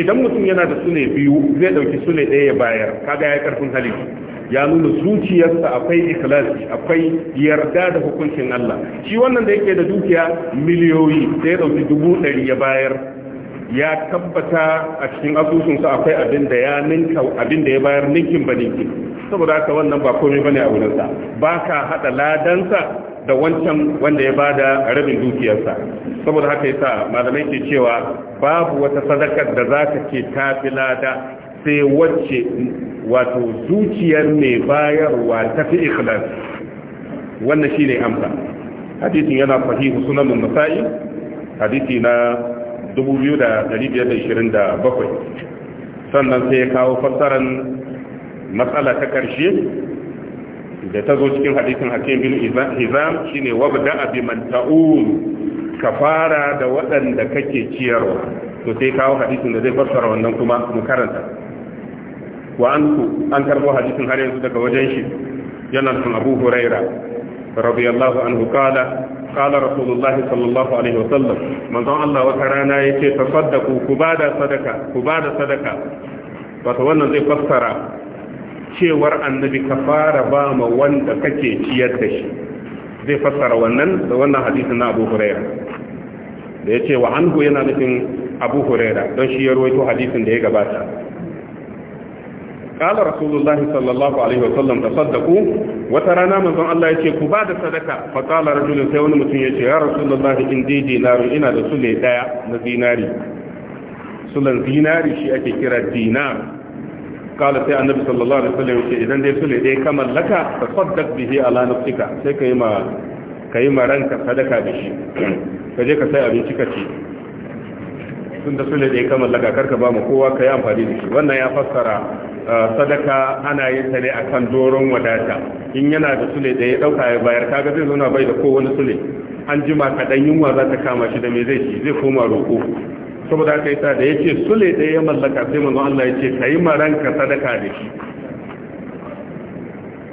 idan mutum yana da sune biyu zai dauki sune ɗaya ya bayar kaga ya karfin hali ya nuna zuciyarsa akwai ikhlasi akwai yarda da hukuncin Allah shi wannan da yake da dukiya miliyoyi sai ya dauki dubu ɗari ya bayar ya tabbata a cikin asusunsa akwai abin da ya ninka abin da ya bayar ninkin ba ninkin saboda haka wannan ba komai bane a wurinsa ba ka hada ladansa da wancan wanda ya bada rabin dukiyarsa saboda haka yasa malamai ke cewa babu wata sadakar da za ta ke tafi lada sai wacce wato zuciyar mai bayarwa ta fi ikhlas wannan shine amsa hadisin yana sahihu sunan nasa'i hadisi na 2527 sannan sai ya kawo fassarar matsala ta ƙarshe da ta zo cikin hadisin hakim bin hizam shine wabda bi man ta'ul ka fara da waɗanda kake ciyarwa to sai kawo hadisin da zai fassara wannan kuma mu karanta wa an an karbo hadisin har yanzu daga wajen shi yana tun abu huraira radiyallahu anhu qala qala rasulullahi sallallahu alaihi wa wasallam manzon Allah wata rana yake tasaddaqu ku bada sadaka ku bada sadaka wato wannan zai fassara cewar annabi ka fara ba ma wanda kake ciyar da shi zai fassara wannan da wannan hadisin na abu huraira da ya wa yana nufin abu huraira don shi ya hadisin da ya gabata kala rasulullah sallallahu alaihi wa sallam ta saddaku wata rana manzon Allah ya ce ku ba da sadaka fa kala rajulun sai wani mutum ya ce ya rasulullah in dai dinaru ina da sule daya na dinari sulan dinari shi ake kira dinar kala sai annabi sallallahu alaihi wasallam yake idan dai sule dai ka mallaka ka saddaq bihi ala nafsika sai kai ma kai ma ranka sadaka da shi ka je ka sai abinci ka ci tun da sule dai ka mallaka karka ba mu kowa ka yi amfani da shi wannan ya fassara sadaka ana yin ta ne a kan doron wadata in yana da sule da ya dauka ya bayar kaga zai zauna bai da kowane sule an jima kadan yunwa za ta kama shi da me zai ci zai koma roƙo. saboda aka yi da ya ce sule ɗaya ya mallaka sai manzo Allah ya ce ka yi maranka sadaka da shi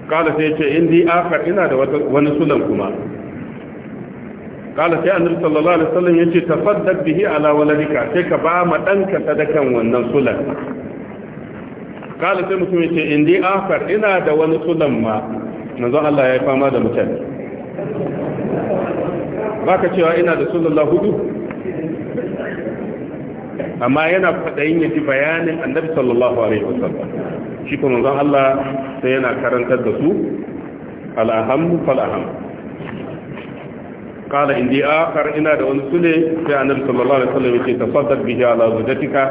kala sai ya ce indi aka ina da wani sulan kuma kala sai annabi sallallahu alaihi sallam ya ce tafaddaq bihi ala waladika sai ka ba ma danka sadakan wannan sulan kala sai mutum ya ce indi aka ina da wani sulan ma manzo Allah ya yi fama da mutane ka cewa ina da sulan hudu amma yana kwaɗayin ya ji bayanin annabi sallallahu alaihi wasallam shi kuma manzon Allah sai yana karantar da su al'aham fal'aham kala indi akar ina da wani sule sai annabi sallallahu alaihi wasallam yake tafaddal bihi ala zujatika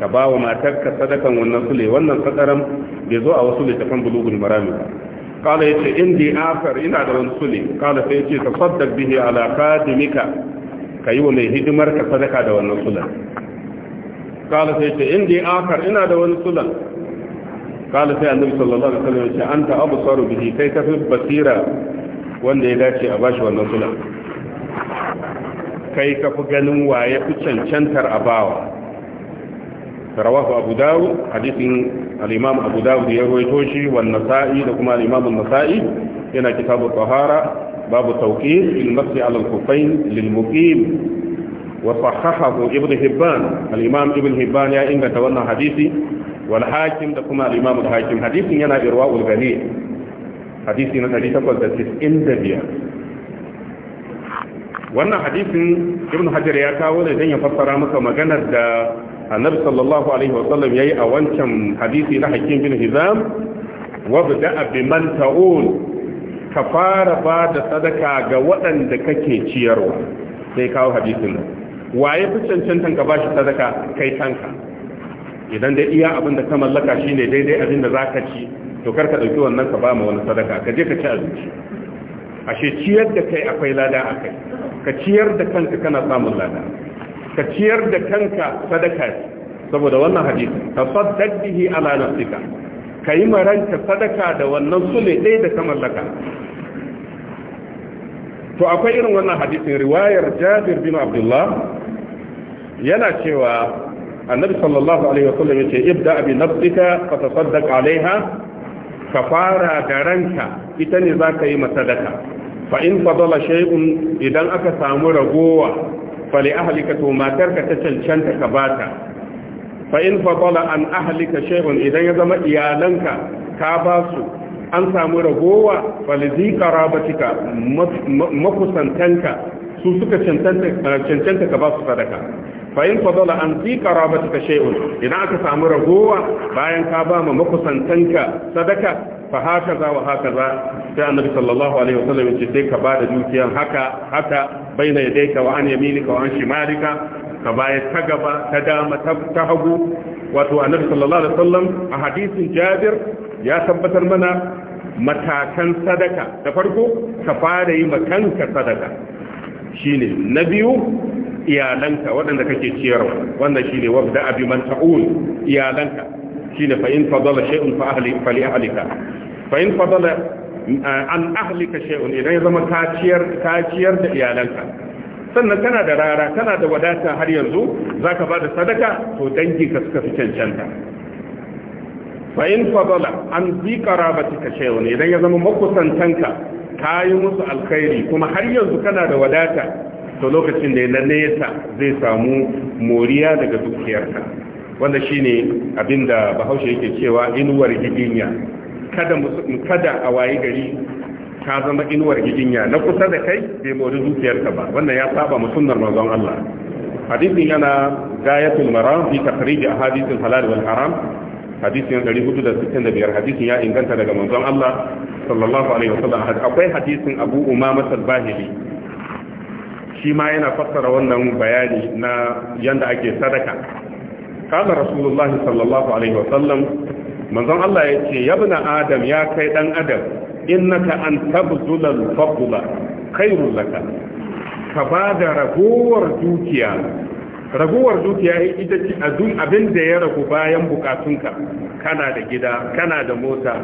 ka ba wa matarka sadakan wannan sule wannan sadaran bai zo a wasu littafan bulugul marami ba kala yace indi akar ina da wani sule kala sai yace tafaddal bihi ala qadimika kayi wa mai hidimar ka sadaka da wannan sulan kala sai ce indi akar ina da wani sulan kala sai annabi sallallahu alaihi wasallam ce anta absaru bihi kai kafi basira wanda ya dace a bashi wannan sulan kai kafi ganin waye fi cancantar abawa rawahu abu dawud hadisin al abu dawud ya rawaito wa nasa'i da kuma al nasai yana kitabu tahara babu tawqif lil masjid lil وصححه ابن هبان الإمام ابن هبان يا إنك تولنا حديثي والحاكم دكما الإمام الحاكم حديث ينا إرواء الغني حديث ينا حديث أقول تسيس إندبيا wannan hadisin ibn hajar ya kawo ne don ya fassara maka maganar da annabi sallallahu alaihi wasallam yayi a wancan hadisi na hakim bin hizam wa bada'a biman ta'ul ka fara ba da sadaka ga waɗanda kake ciyarwa sai kawo hadisin waye fi cancantan ka bashi sadaka kai kanka idan dai iya abin da ka mallaka shine daidai abin da zaka ci to kar ka dauki wannan ka ba mu wani sadaka ka je ka ci abinci ashe ciyar da kai akwai lada akai ka ciyar da kanka kana samun lada ka ciyar da kanka sadaka saboda wannan hadisi tasaddaq bihi ala nafsika kai maranta sadaka da wannan sune ɗaya da ka mallaka to akwai irin wannan hadisin riwayar jabir bin abdullah yana cewa annabi sallallahu alaihi wasallam yace ibda bi nafsika fa tasaddaq alaiha ka fara da ranka ita ne zaka yi masadaka fa in fadala shay'un idan aka samu ragowa fa li ahlika to matarka ta cancanta ka bata fa in fadala an ahlika shay'un idan ya zama iyalanka ka ba su an samu ragowa falizi karabatika makusantanka su suka eh, cancanta ka ba su sadaka fa'in fadala an fi karabatika shay'un idan aka samu ragowa bayan ka ba ma makusantanka sadaka fa haka za wa haka za sai annabi sallallahu alaihi wasallam yace sai ka bada dukiyan haka haka baina yadayka wa an yaminika wa an shimalika ka bayar ta gaba ta dama ta hagu wato annabi sallallahu alaihi wasallam a hadisin Jabir ya tabbatar mana matakan sadaka da farko ka fara yi makanka sadaka Shi ne na biyu iyalanka waɗanda kake ciyarwa wannan shine wabda abi man iyalanka Shi ne in fadala shay'un fa ahli fa li ahlika fa in fadala eh, an ahlika shay'un idan ya zama kaciyar da iyalanka sannan kana da rara kana da wadata har yanzu za ka ba da sadaka to ka suka fi cancanta fa in fadala an ka shewa ne idan ya zama makusantanka kayi musu alkhairi kuma har yanzu kana da wadata to lokacin da na nesa zai samu moriya daga dukiyarka wanda shine abinda bahaushe yake cewa inuwar giginya kada kada a wayi gari ka zama inuwar giginya na kusa da kai bai mori dukiyarka ba wannan ya saba mu sunnar manzon Allah hadisin yana gayatul maram fi takhrij al halal wal haram hadisin 465 hadisin ya inganta daga manzon Allah sallallahu alaihi wasallam akwai hadisin Abu Umama al-Bahili shi ma yana fassara wannan bayani na yanda ake sadaka kana rasulullah sallallahu alaihi wasallam manzon Allah yace ya ibn adam ya kai dan adam innaka an tabzula al-fadla khairul laka ka bada ragowar dukiya raguwar dukiya ita ce a duk abin da ya ragu bayan bukatunka kana da gida kana da mota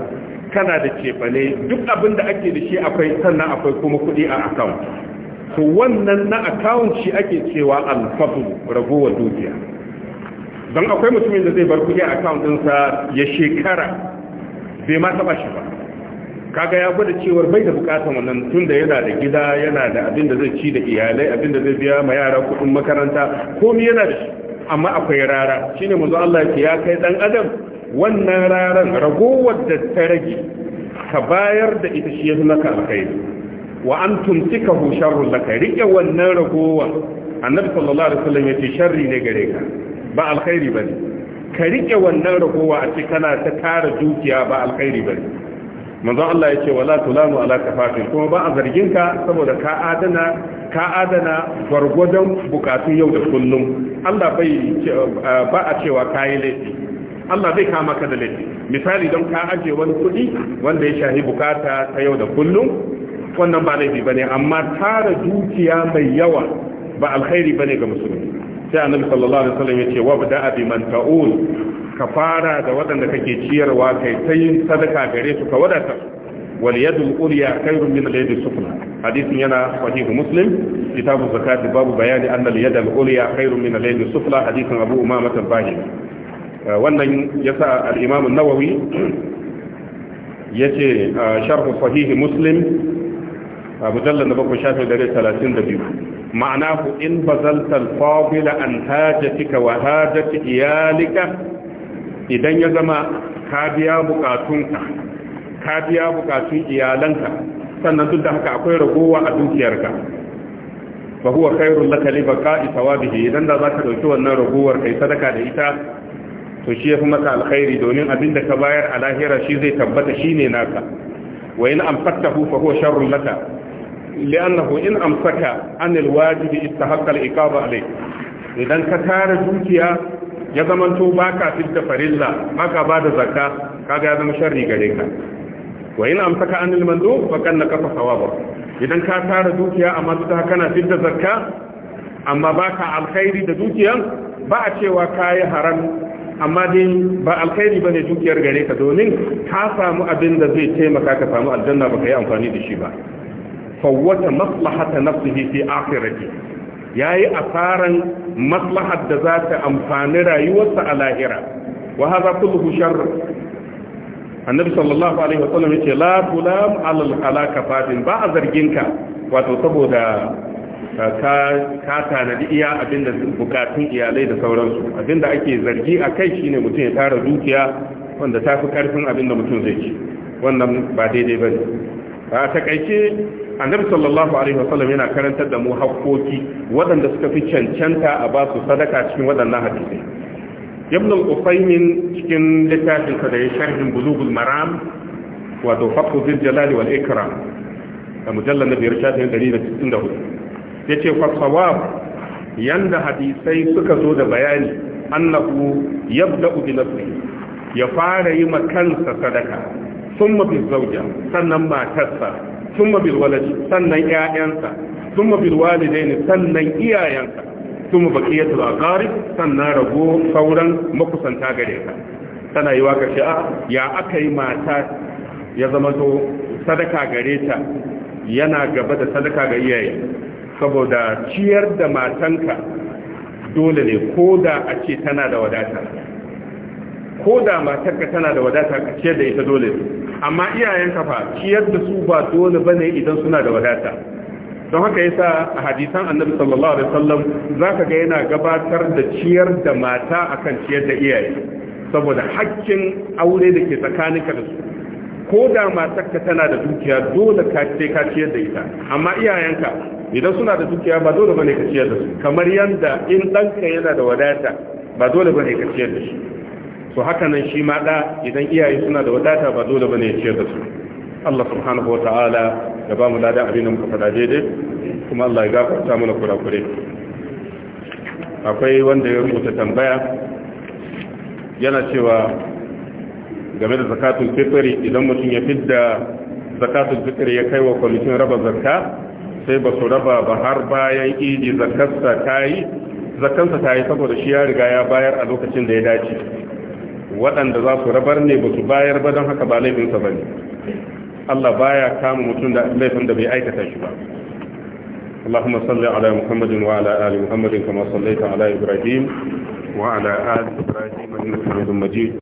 kana da cefane duk abin da ake da shi akwai sannan akwai kuma kuɗi a account to wannan na akawun shi ake cewa alfadl raguwar dukiya don akwai mutumin da zai bar kuɗi a account ɗinsa ya shekara bai ma taɓa shi ba kaga ya gwada cewar bai da bukatan wannan tun da yana da gida yana da abin da zai ci da iyalai abin da zai biya ma yara kuɗin makaranta komai yana da amma akwai rara shine manzo Allah ya kai dan adam wannan raran ragowar da ta rage ka bayar da ita shi ya maka alkhairi wa an tikahu hu sharrun laka rike wannan ragowar annabi sallallahu alaihi wasallam yace sharri ne gare ka ba alkhairi bane ka rike wannan ragowa a cikin kana ta tara dukiya ba alkhairi bane manzon Allah ya ce wala tulanu ala kafatin kuma ba a zargin ka saboda ka adana ka adana gwargwadon bukatun yau da kullum Allah bai eh, ba a cewa kayi laifi Allah bai kama ka da laifi misali don ka aje wani kuɗi wanda ya shahi bukata ta yau da kullum wannan ba laifi bane amma tara dukiya mai yawa ba alkhairi bane ga musulmi sai annabi sallallahu alaihi wasallam ya ce wabda'a biman ta'ul ka fara da waɗanda kake ciyarwa kai ta yin sadaka gare su ka wadata wal yadul ulya khairun min al yadi sufla hadisin yana sahih muslim kitabu zakati babu bayani anna al yadul ulya khairun min al yadi sufla hadisin abu umama al-bahili uh, wannan yasa al imam an-nawawi yace uh, sharh sahih muslim uh, mujallal na bakwai shafi dare talatin da biyu ma'ana ku in bazalta al-fadila an hajatika wa hajati iyalika idan ya zama ka biya bukatunka ka biya bukatun iyalanka sannan duk da haka akwai ragowa a dukiyarka fa huwa khairul laka li baqa'i thawabihi idan da zaka dauki wannan ragowar kai sadaka da ita to shi yafi maka alkhairi domin abinda ka bayar a lahira shi zai tabbata shine naka wa in amsaktahu fa huwa sharrul laka li'annahu in amsaka anil wajibi istahaqqa al-iqaba alayh idan ka tara dukiya ya zamanto ba ka fidda farilla ba ka ba da zakka kaga ya zama sharri gare ka wa in amsaka anil mandu fa kan nakafa sawaba idan ka tara dukiya amma duk haka kana fidda zakka amma ba ka alkhairi da dukiyan ba a cewa kayi haram amma dai ba alkhairi bane dukiyar gare ka domin ka samu abin da zai taimaka ka samu aljanna baka yi amfani da shi ba fawwata maslahata nafsihi fi akhirati ya yi asaran maslahar da za ta amfani rayuwarsa a lahira wa haza kulluhu shar annabi sallallahu alaihi wasallam yace la tulam alal halaka fadin ba a ka. wato saboda uh, ka tanadi iya abinda bukatun iyalai da sauransu abinda ake zargi a kai shine mutum ya tara dukiya wanda ta fi karfin abinda mutum zai ci wannan ba daidai ba ne a takaice annabi sallallahu alaihi wasallam yana karantar da mu hakkoki waɗanda suka fi cancanta a ba su sadaka cikin waɗannan hadisi ibn al-usaymin cikin littafin sa da ya sharhin bulughul maram wato fathu zil jalal wal ikram da mujallal na biyar shafin 164 yace fa sawab yanda hadisai suka zo da bayani annahu yabda'u bi nafsihi ya fara yi makansa sadaka Sun bil zauja sannan matarsa sun bil waladi sannan ƴaƴansa thumma bil walidaini sannan iyayensa sun thumma baqiyatul aqarib sannan rago sauran makusanta gare ka tana yi wa ka sha'a ah, ya aka yi mata ya zama to sadaka gare ta yana gaba da sadaka ga iyaye saboda ciyar da matanka dole ne ko da a ce tana da wadata ko da matarka tana da wadata ka ciyar da ita dole amma iyayenka fa ciyar da su ba dole bane idan suna da wadata don haka yasa a hadisan annabi sallallahu alaihi wasallam zaka ga yana gabatar da ciyar da mata akan ciyar da iyaye saboda hakkin aure da ke tsakaninka da su ko da matarka tana da dukiya dole ka ce ka ciyar da ita amma iyayenka idan suna da dukiya ba dole bane ka ciyar da su kamar yanda in danka yana da wadata ba dole bane ka ciyar da shi to haka nan shi ma da idan iyaye suna da wadata ba dole bane ya ciyar da su Allah subhanahu wa ta'ala ya ba mu ladan abin da muka faɗa daidai kuma Allah ya gafarta mana kurakure akwai wanda ya rubuta tambaya yana cewa game da zakatun fitri idan mutum ya fidda zakatun fitri ya kai wa kwamitin raba zakka sai ba su raba ba har bayan idi zakarsa ta yi zakarsa ta yi saboda shi ya riga ya bayar a lokacin da ya dace waɗanda za su rabar ne ba su bayar ba don haka ba laifinsa ba ne Allah baya kama mutum da laifin da bai aikata shi ba اللهم صل على محمد وعلى آل محمد كما صليت على إبراهيم وعلى آل إبراهيم إنك حميد مجيد